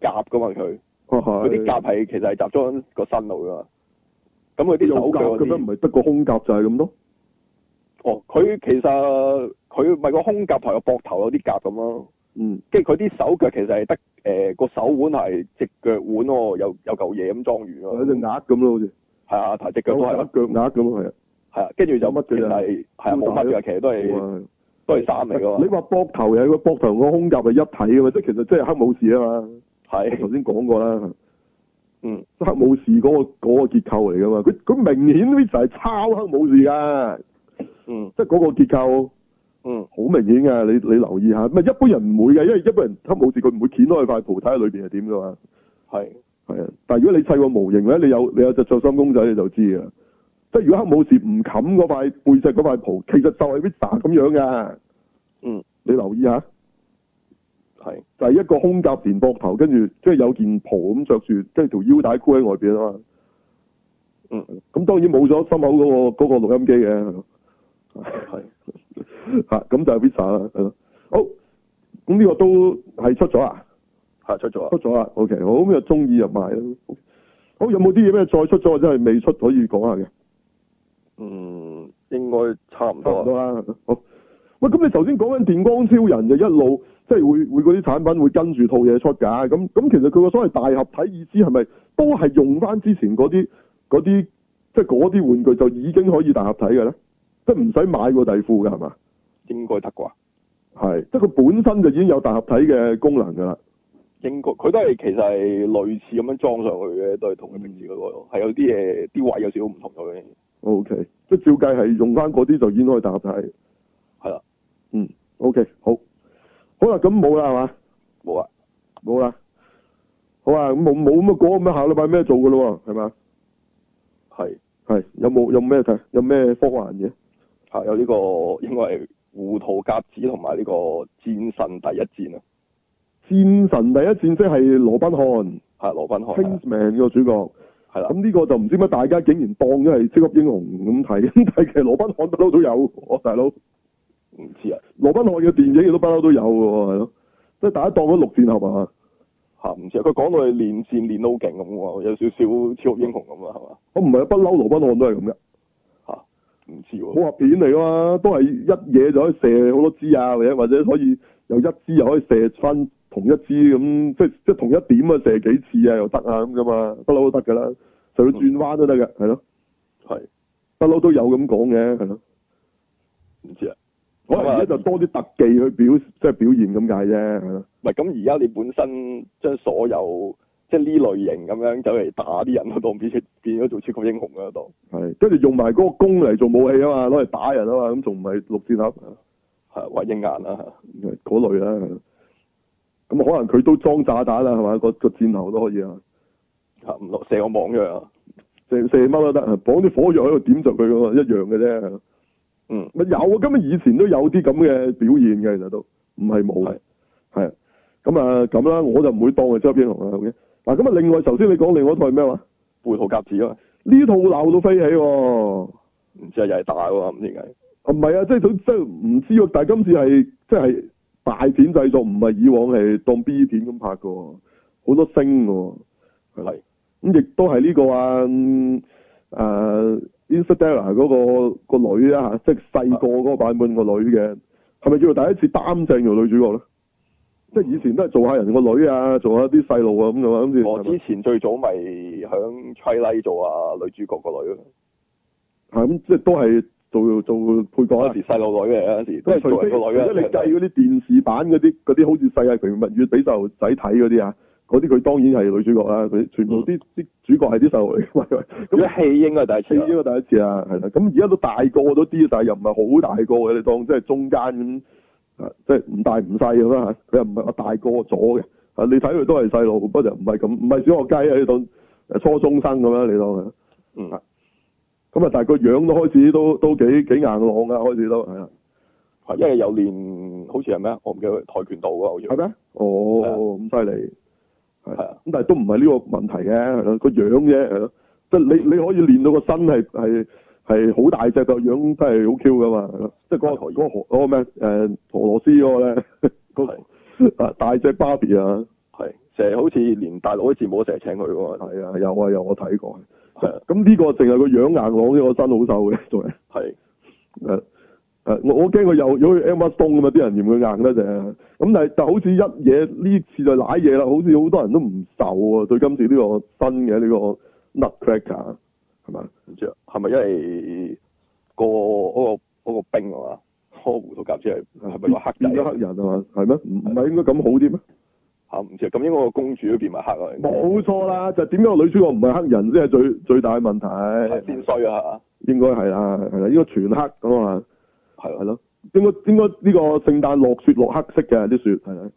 甲噶嘛，佢，啲、啊、甲係其實係集中個身度噶。咁佢啲手腳，咁樣唔係得個胸甲就係咁咯。哦，佢其實佢咪個胸甲同個膊頭有啲甲咁咯。嗯。跟住佢啲手腳其實係得個手腕係直腳腕喎，有有嚿嘢咁裝住咯。隻鈪咁咯，好似。係啊，抬隻腳都係咯。鈪咁係啊。啊，跟住有乜嘢？係啊，冇乜嘅，其實都係。都係山嚟噶嘛，你話膊頭有個膊頭個胸甲係一體噶嘛？即係其實即係黑武士啊嘛。係。頭先講過啦。嗯。黑武士嗰個嗰個結構嚟噶嘛？佢佢明顯呢啲就係抄黑武士噶。嗯。即係嗰個結構。嗯。好明顯噶，你你留意一下。咁啊，一般人唔會嘅，因為一般人黑武士佢唔會掀開塊布睇裏邊係點噶嘛。係。係啊，但係如果你砌個模型咧，你有你有隻着心公仔你就知啦。即係如果黑武士唔冚嗰塊背脊嗰塊袍，其實就係 v i s a 咁樣㗎。嗯，你留意下，係就係、是、一個胸甲連膊頭，跟住即係有件袍咁着住，跟住條腰帶箍喺外邊啊嘛。嗯，咁當然冇咗心口嗰、那個嗰、那個錄音機嘅。係，吓 咁就係 v i s a 啦。好，咁呢個都係出咗啊？吓，出咗啊？出咗啊？OK，好，咁又中意入埋啦。好，有冇啲嘢咩再出咗？我真係未出可以講下嘅。嗯，應該差唔多啦。好，喂，咁你頭先講緊電光超人就一路即係會會嗰啲產品會跟住套嘢出噶，咁咁其實佢個所謂大合體意思係咪都係用翻之前嗰啲嗰啲即係嗰啲玩具就已經可以大合體嘅咧？即係唔使買個底褲嘅係嘛？應該得啩？係，即係佢本身就已經有大合體嘅功能噶啦。應該，佢都係其實係類似咁樣裝上去嘅，都係同佢名字嗰個，係、嗯、有啲誒啲位有少少唔同。O K，即照計係用翻嗰啲就已經可以答就係，係啦，嗯，O、okay, K，好，好啦，咁冇啦係嘛，冇啊，冇啦，好啊，咁冇冇咁嘅咁啊，下禮拜咩做噶咯，係嘛？係係有冇有咩睇有咩科幻嘅？啊，有呢個應該係《胡桃夾子》同埋呢個《戰神第一戰》啊，《戰神第一戰》即係羅賓漢，係羅賓漢 Kingsman 個主角。係咁，呢個就唔知乜，大家竟然當咗係超級英雄咁睇，咁但其實羅賓漢不嬲都有，我大佬唔知啊，羅賓漢嘅電影亦都不嬲都有喎，係咯，即係大家當咗綠箭俠嘛。嚇、啊，唔似佢講到係練箭練到勁咁喎，有少少超級英雄咁啊，係嘛？我唔係不嬲羅賓漢都係咁嘅嚇，唔似喎，好合片嚟啊嘛，都係一嘢就可以射好多支啊，或者或者可以有一支又可以射穿。同一支咁，即係即係同一點啊，射幾次啊，又得啊，咁噶嘛，不嬲都得噶啦，甚至轉彎都得嘅，係、嗯、咯，係，不嬲都有咁講嘅，係咯，唔知啊，咁啊就多啲特技去表，即係表現咁解啫，係咯。唔係咁而家你本身將所有即係呢類型咁樣走嚟打啲人咯，當變成咗做超級英雄啦，都係，跟住用埋嗰個弓嚟做武器啊嘛，攞嚟打人啊嘛，咁仲唔係綠箭俠係啊、或鷹眼啊嗰類啊。咁可能佢都裝炸彈啦，係咪？那個個箭頭都可以啊，唔落成個網嘅，成四乜都得，綁啲火藥喺度點着佢一樣嘅啫。嗯，有啊，咁啊以前都有啲咁嘅表現嘅，其實都唔係冇，係，咁啊咁啦，我就唔會當佢周邊雄啊。嗱，咁啊另外，頭先你講另外一,一套係咩話背號夾子啊，呢套鬧到飛起，唔知係又係打喎，唔知點解？唔係啊，即係佢，即係唔知喎，但係今次係即係。即係大片製作唔係以往係當 B 片咁拍噶，好多星噶，嚟咁亦都係呢個啊，誒、啊、Insterella 嗰、那個、那個女啊，即係細個嗰個版本個女嘅，係咪叫做第一次擔正做女主角咧、啊嗯？即係以前都係做下人個女啊，做下啲細路啊咁啊，咁。我之前最早咪響《Chile》做啊女主角個女啊。咯，咁即係都係。做做配角一時細路女嘅，有陣時，除非如果你計嗰啲電視版嗰啲嗰啲，好似《世界奇妙物語》俾細路仔睇嗰啲啊，嗰啲佢當然係女主角啦、啊。佢全部啲啲、嗯、主角係啲細路嚟，咁、嗯、 戲英啊，但係戲英啊第一次啊，係啦。咁而家都大個咗啲，但係又唔係好大個嘅。你當即係中間咁，即係唔大唔細咁啦，佢又唔係話大個咗嘅，你睇佢都係細路，不過就唔係咁，唔係小學雞啊，你當初中生咁啦，你當佢、啊、嗯咁啊！但係個樣都開始都都幾幾硬朗噶，開始都係啊，係因為又練，好似係咩啊？我唔記得，跆拳道噶，好似係咩？哦，咁犀利係啊！咁、啊啊、但係都唔係呢個問題嘅，個、啊、樣啫，係咯、啊，即 係你你可以練到個身、啊啊那個身係係係好大隻個樣真係好 Q 噶嘛，即係嗰個台嗰、那個咩？誒、那個呃，俄羅斯嗰個咧， 那個大大隻芭比啊，係成日好似連大陸啲節目冇成日請佢喎，係啊，啊，有啊有，啊有啊，我睇過。係咁，呢個淨係個樣硬朗，呢個身好瘦嘅，都係係誒誒，我我驚佢又如果 M 一鬆咁啊，啲人嫌佢硬得就係。咁但係就好似一嘢呢次就瀨嘢啦，好似好多人都唔受啊。對今次呢個新嘅呢個 Nutcracker 係咪？唔知、嗰個嗰個嗰個嗰個，啊，係咪因為個嗰個嗰個冰啊嘛？嗰個胡桃夾子係咪個黑人，啊？變咗黑人啊嘛？係咩？唔唔係應該咁好啲咩？唔、啊、知咁應該個公主都變埋黑嘅？冇錯啦，就點解個女主角唔係黑人，即係最最大嘅問題。先衰啊，係嘛？應該係啦，係啦，應該全黑咁啊，係係咯。應該應該呢個聖誕落雪落黑色嘅啲雪係咪？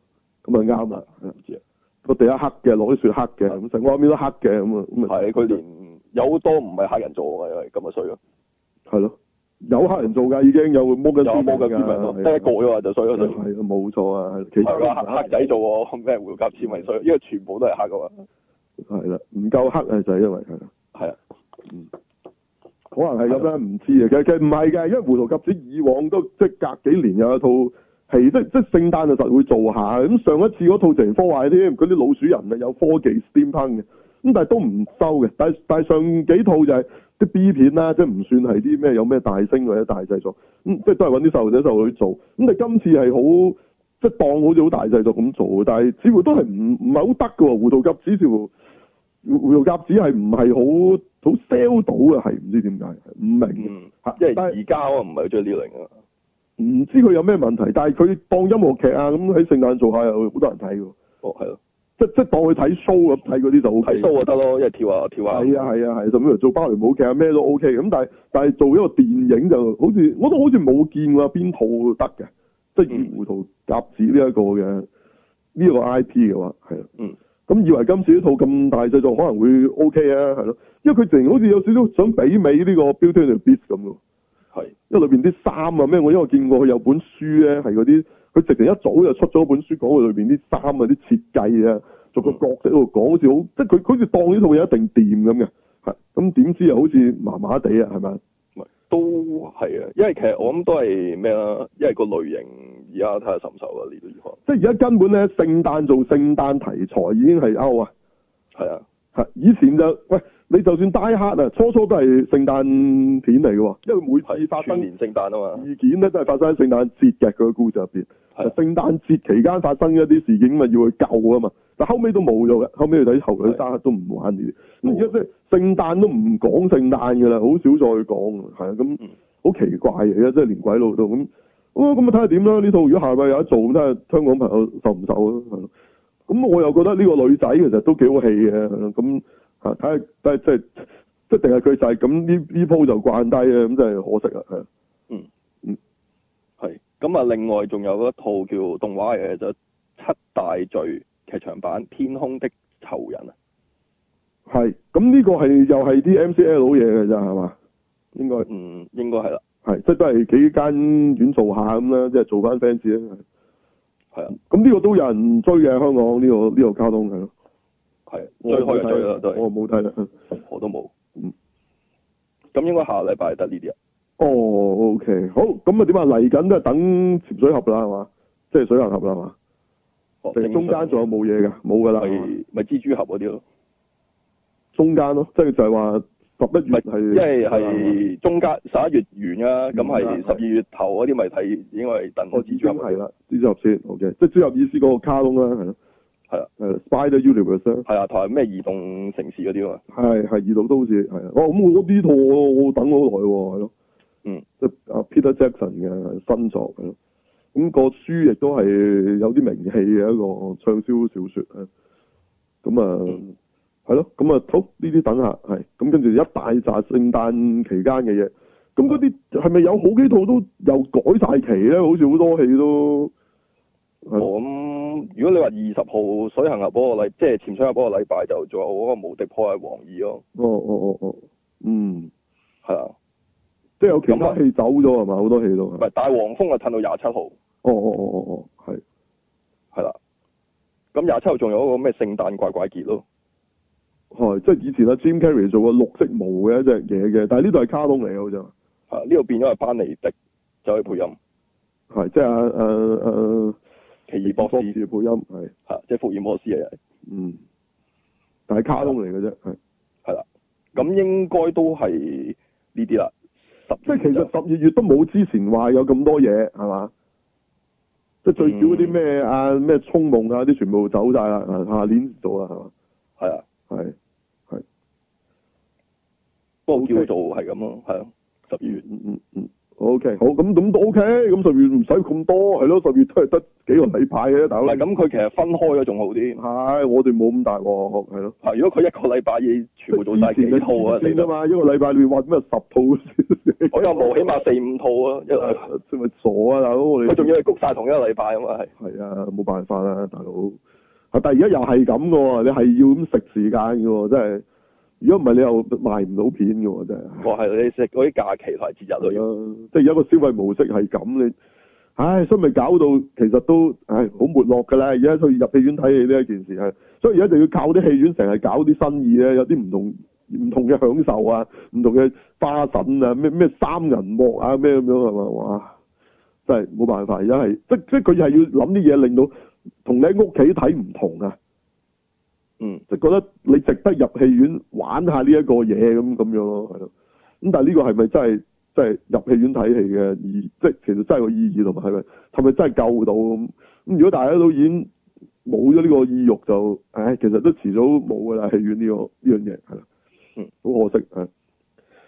咁啊啱啦，唔知啊。地個地下黑嘅，落啲雪黑嘅，咁成個畫面都黑嘅咁啊咁啊。係佢連有好多唔係黑人做嘅，咁啊衰啊，係咯。有黑人做噶，已經有摩根費曼噶，得一個嘅嘛，就衰咗，就係冇錯啊。係話黑黑仔做咩胡桃夾子，咪因為全部都係黑噶嘛。係啦，唔夠黑啊，就係因為係。係啊，嗯，可能係咁啦，唔知啊，其實其實唔係嘅，因為胡桃夾子以往都即係隔幾年有一套戲，即即聖誕就實會做下。咁上一次嗰套仲方壞添，佢啲老鼠人啊有科技電噴嘅，咁但係都唔收嘅。但係但係上幾套就係、是。啲 B 片啦，即係唔算係啲咩有咩大星或者大製作，咁即係都係搵啲細路仔細去做。咁你今次係好即係當好似好大製作咁做，但係似乎都係唔唔係好得㗎喎。胡桃夾子似乎胡桃夾子係唔係好好 sell 到嘅？係唔知點解唔明吓。因為而家可能唔係佢最呢名啊。唔知佢有咩問題，但係佢當音樂劇啊咁喺聖誕做下又好多人睇喎。哦，係咯。即即當去睇 show 咁睇嗰啲就好睇 show 就得咯，因為跳一係跳一下跳啊。係啊係啊係，甚、啊、做芭蕾舞劇啊咩都 O K。咁但係但係做一個電影就好似我都好似冇見過，邊套得嘅？即《胡桃夾子》呢、嗯、一、這個嘅呢個 I P 嘅話係啊。嗯。咁以為今次呢套咁大製作可能會 O、OK、K 啊，係咯、啊。因為佢成好似有少少想媲美呢個 Built the《Beauty and the Beast》咁係。因為裏邊啲衫啊咩，我因為見過佢有本書咧，係嗰啲。佢直情一早就出咗本書講佢裏面啲衫啊、啲設計啊，做個角色喺度講，好似好即係佢好似當呢套嘢一定掂咁嘅，咁點知又好似麻麻地啊，係咪？都係啊，因為其實我諗都係咩呀？因為個類型而家睇下受唔受啊，呢何？即係而家根本咧聖誕做聖誕題材已經係 out 啊，係啊，以前就喂。你就算 Die Hard 啊，初初都係聖誕片嚟嘅喎，因為每批發生年聖誕啊嘛，事件咧都係發生喺聖誕節日嗰、嗰個、故事入邊，係聖誕節期間發生一啲事件咁啊要去救啊嘛，但後尾都冇咗嘅。後尾睇後生都唔玩嘅，而家即係聖誕都唔講聖誕嘅啦，好少再講嘅，係啊，咁好奇怪嘅，而家真係連鬼佬都咁。哦咁啊睇下點啦呢套，如果下季有得做真係香港朋友受唔受咯，咁我又覺得呢個女仔其實都幾好戲嘅咁。吓睇下，但係即係即係，定係佢細咁呢？呢鋪就慣低啊！咁真係可惜啊，係。嗯嗯，係。咁啊，另外仲有一套叫動畫嘅，就七大罪劇場版《天空的囚人》啊。係。咁呢個係又係啲 MCL 嘢嘅啫，係嘛？應該嗯，應該係啦、嗯。係、嗯嗯，即係都係幾間院做下咁啦，即係做翻 fans 啦。係啊。咁呢個都有人追嘅，香港呢、這個呢、這個卡通係咯。是係，我冇睇啦，我冇睇啦，我都冇。咁、嗯、應該下禮拜得呢啲啊。哦，OK，好，咁啊點啊嚟緊都係等潛水俠啦，係咪？即、就、係、是、水盒、哦、水行俠啦，係咪？即係中間仲有冇嘢㗎？冇㗎啦。係咪蜘蛛俠嗰啲咯？中間咯，即係就係話十一月，即係係中間十一月完啊，咁係十二月頭嗰啲咪睇，應該係等個蜘蛛咁係啦，蜘蛛俠先，OK，即係蜘蛛意思嗰個卡通啦、啊，係啊，Spider Universe 啊，Universe，係啊，同埋咩移動城市嗰啲啊，係係、啊、移動都好似係啊，哦咁，我呢套我等好耐喎，係咯、啊，嗯，即係阿 Peter Jackson 嘅新作咁、咁個書亦都係有啲名氣嘅一個暢銷小説啊，咁、嗯、啊，係咯，咁啊好呢啲等下係，咁跟住一大扎聖誕期間嘅嘢，咁嗰啲係咪有好幾套都又改晒期咧？好似好多戲都。咁、嗯、如果你話二十號水行游嗰個禮，即係潛水游嗰個禮拜就仲有嗰個無敵破壞王二咯。哦哦哦哦，嗯，係啊，即係有其他戲走咗係咪？好多戲都唔係，大黃蜂啊，褪到廿七號。哦哦哦哦哦，係、哦，係、哦、啦，咁廿七號仲有嗰個咩聖誕怪怪傑咯。係，即係以前阿 Jim Carrey 做過綠色毛嘅一隻嘢嘅，但係呢度係卡通嚟嘅就，啊呢度變咗係班尼迪走去配音。係，即係阿誒誒。呃呃奇異博士嘅配音係，吓即係福爾摩斯嘅人，嗯，但係卡通嚟嘅啫，係，係啦，咁應該都係呢啲啦，十即係其實十二月都冇之前話有咁多嘢，係嘛，即係最少啲咩啊咩冲夢啊啲全部走晒啦，下年做啊係嘛，係啊，係係，不過好似都係咁咯，係十二月，嗯嗯嗯。嗯 O、okay, K，好咁咁都 O K，咁十月唔使咁多，係咯，十月都係得幾個禮拜嘅大佬。係咁，佢其實分開咗仲好啲。係、哎，我哋冇咁大鑊，係咯。係，如果佢一個禮拜嘢全部做晒幾套啊，先得嘛你。一個禮拜裏面話咩十套，啊。我又冇起碼四五套啊，即咪傻啊大佬！我仲要係谷晒同一個禮拜咁啊係。係啊，冇辦法啦，大佬。啊，但係而家又係咁㗎喎，你係要咁食時間㗎喎，真係。如果唔係你又賣唔到片嘅喎，真、哦、係。我係你食嗰啲假期同埋節日咯、嗯，即係而家個消費模式係咁，你，唉所以咪搞到其實都唉好沒落㗎啦。而家去入戲院睇戲呢一件事係，所以而家就要靠啲戲院成日搞啲新意啊，有啲唔同唔同嘅享受啊，唔同嘅花臣啊，咩咩三人幕啊咩咁樣係咪話？真係冇辦法，而家係即即佢係要諗啲嘢令到同你喺屋企睇唔同啊。嗯，即係覺得你值得入戲院玩下呢一個嘢咁咁樣咯，係咯。咁但係呢個係咪真係真係入戲院睇戲嘅？意即係其實真係個意義同埋係咪係咪真係救到咁？咁如果大家都已經冇咗呢個意欲，就唉，其實都遲早冇噶啦，戲院呢、呢個呢樣嘢係啦。嗯，好可惜啊。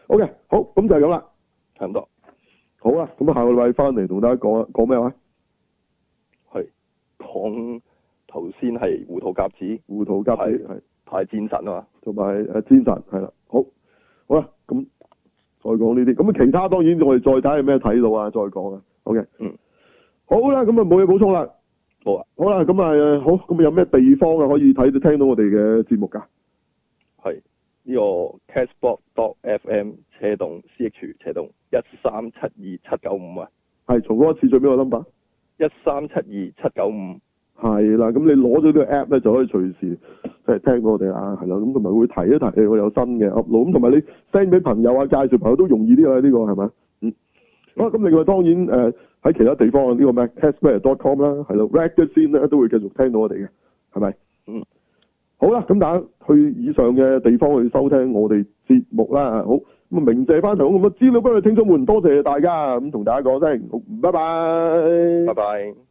OK，好，咁就係咁啦。差唔多。好啦，咁啊，下個禮拜翻嚟同大家講講咩話？係講。頭先係胡桃夾子，胡桃夾子係太戰神啊嘛，同埋誒戰神係啦，好好啦，咁再講呢啲，咁其他當然我哋再睇下有咩睇到啊，再講啊，OK，嗯，好啦，咁啊冇嘢補充啦，好啊，好啦，咁啊好，咁有咩地方啊可以睇到聽到我哋嘅節目噶？係呢、這個 castbox.fm 車動 CH 車動一三七二七九五啊，係重講一次最屘個 number，一三七二七九五。1372795。係啦，咁你攞咗呢個 app 咧，就可以隨時即係聽到我哋啦，係啦，咁同埋會提一提，我有新嘅 u p l upload 咁同埋你 send 俾朋友啊，介紹朋友都容易啲啊，呢、這個係咪？嗯，好、嗯、啦，咁、啊、另外，當然誒喺、呃、其他地方呢、這個咩 castbox.fm 啦，係啦，radio s i 咧都會繼續聽到我哋嘅，係咪？嗯，好啦，咁大家去以上嘅地方去收聽我哋節目啦，好咁啊，鳴謝翻所有咁嘅資料俾你聽眾們，多謝大家咁同大家講聲，拜拜，拜拜。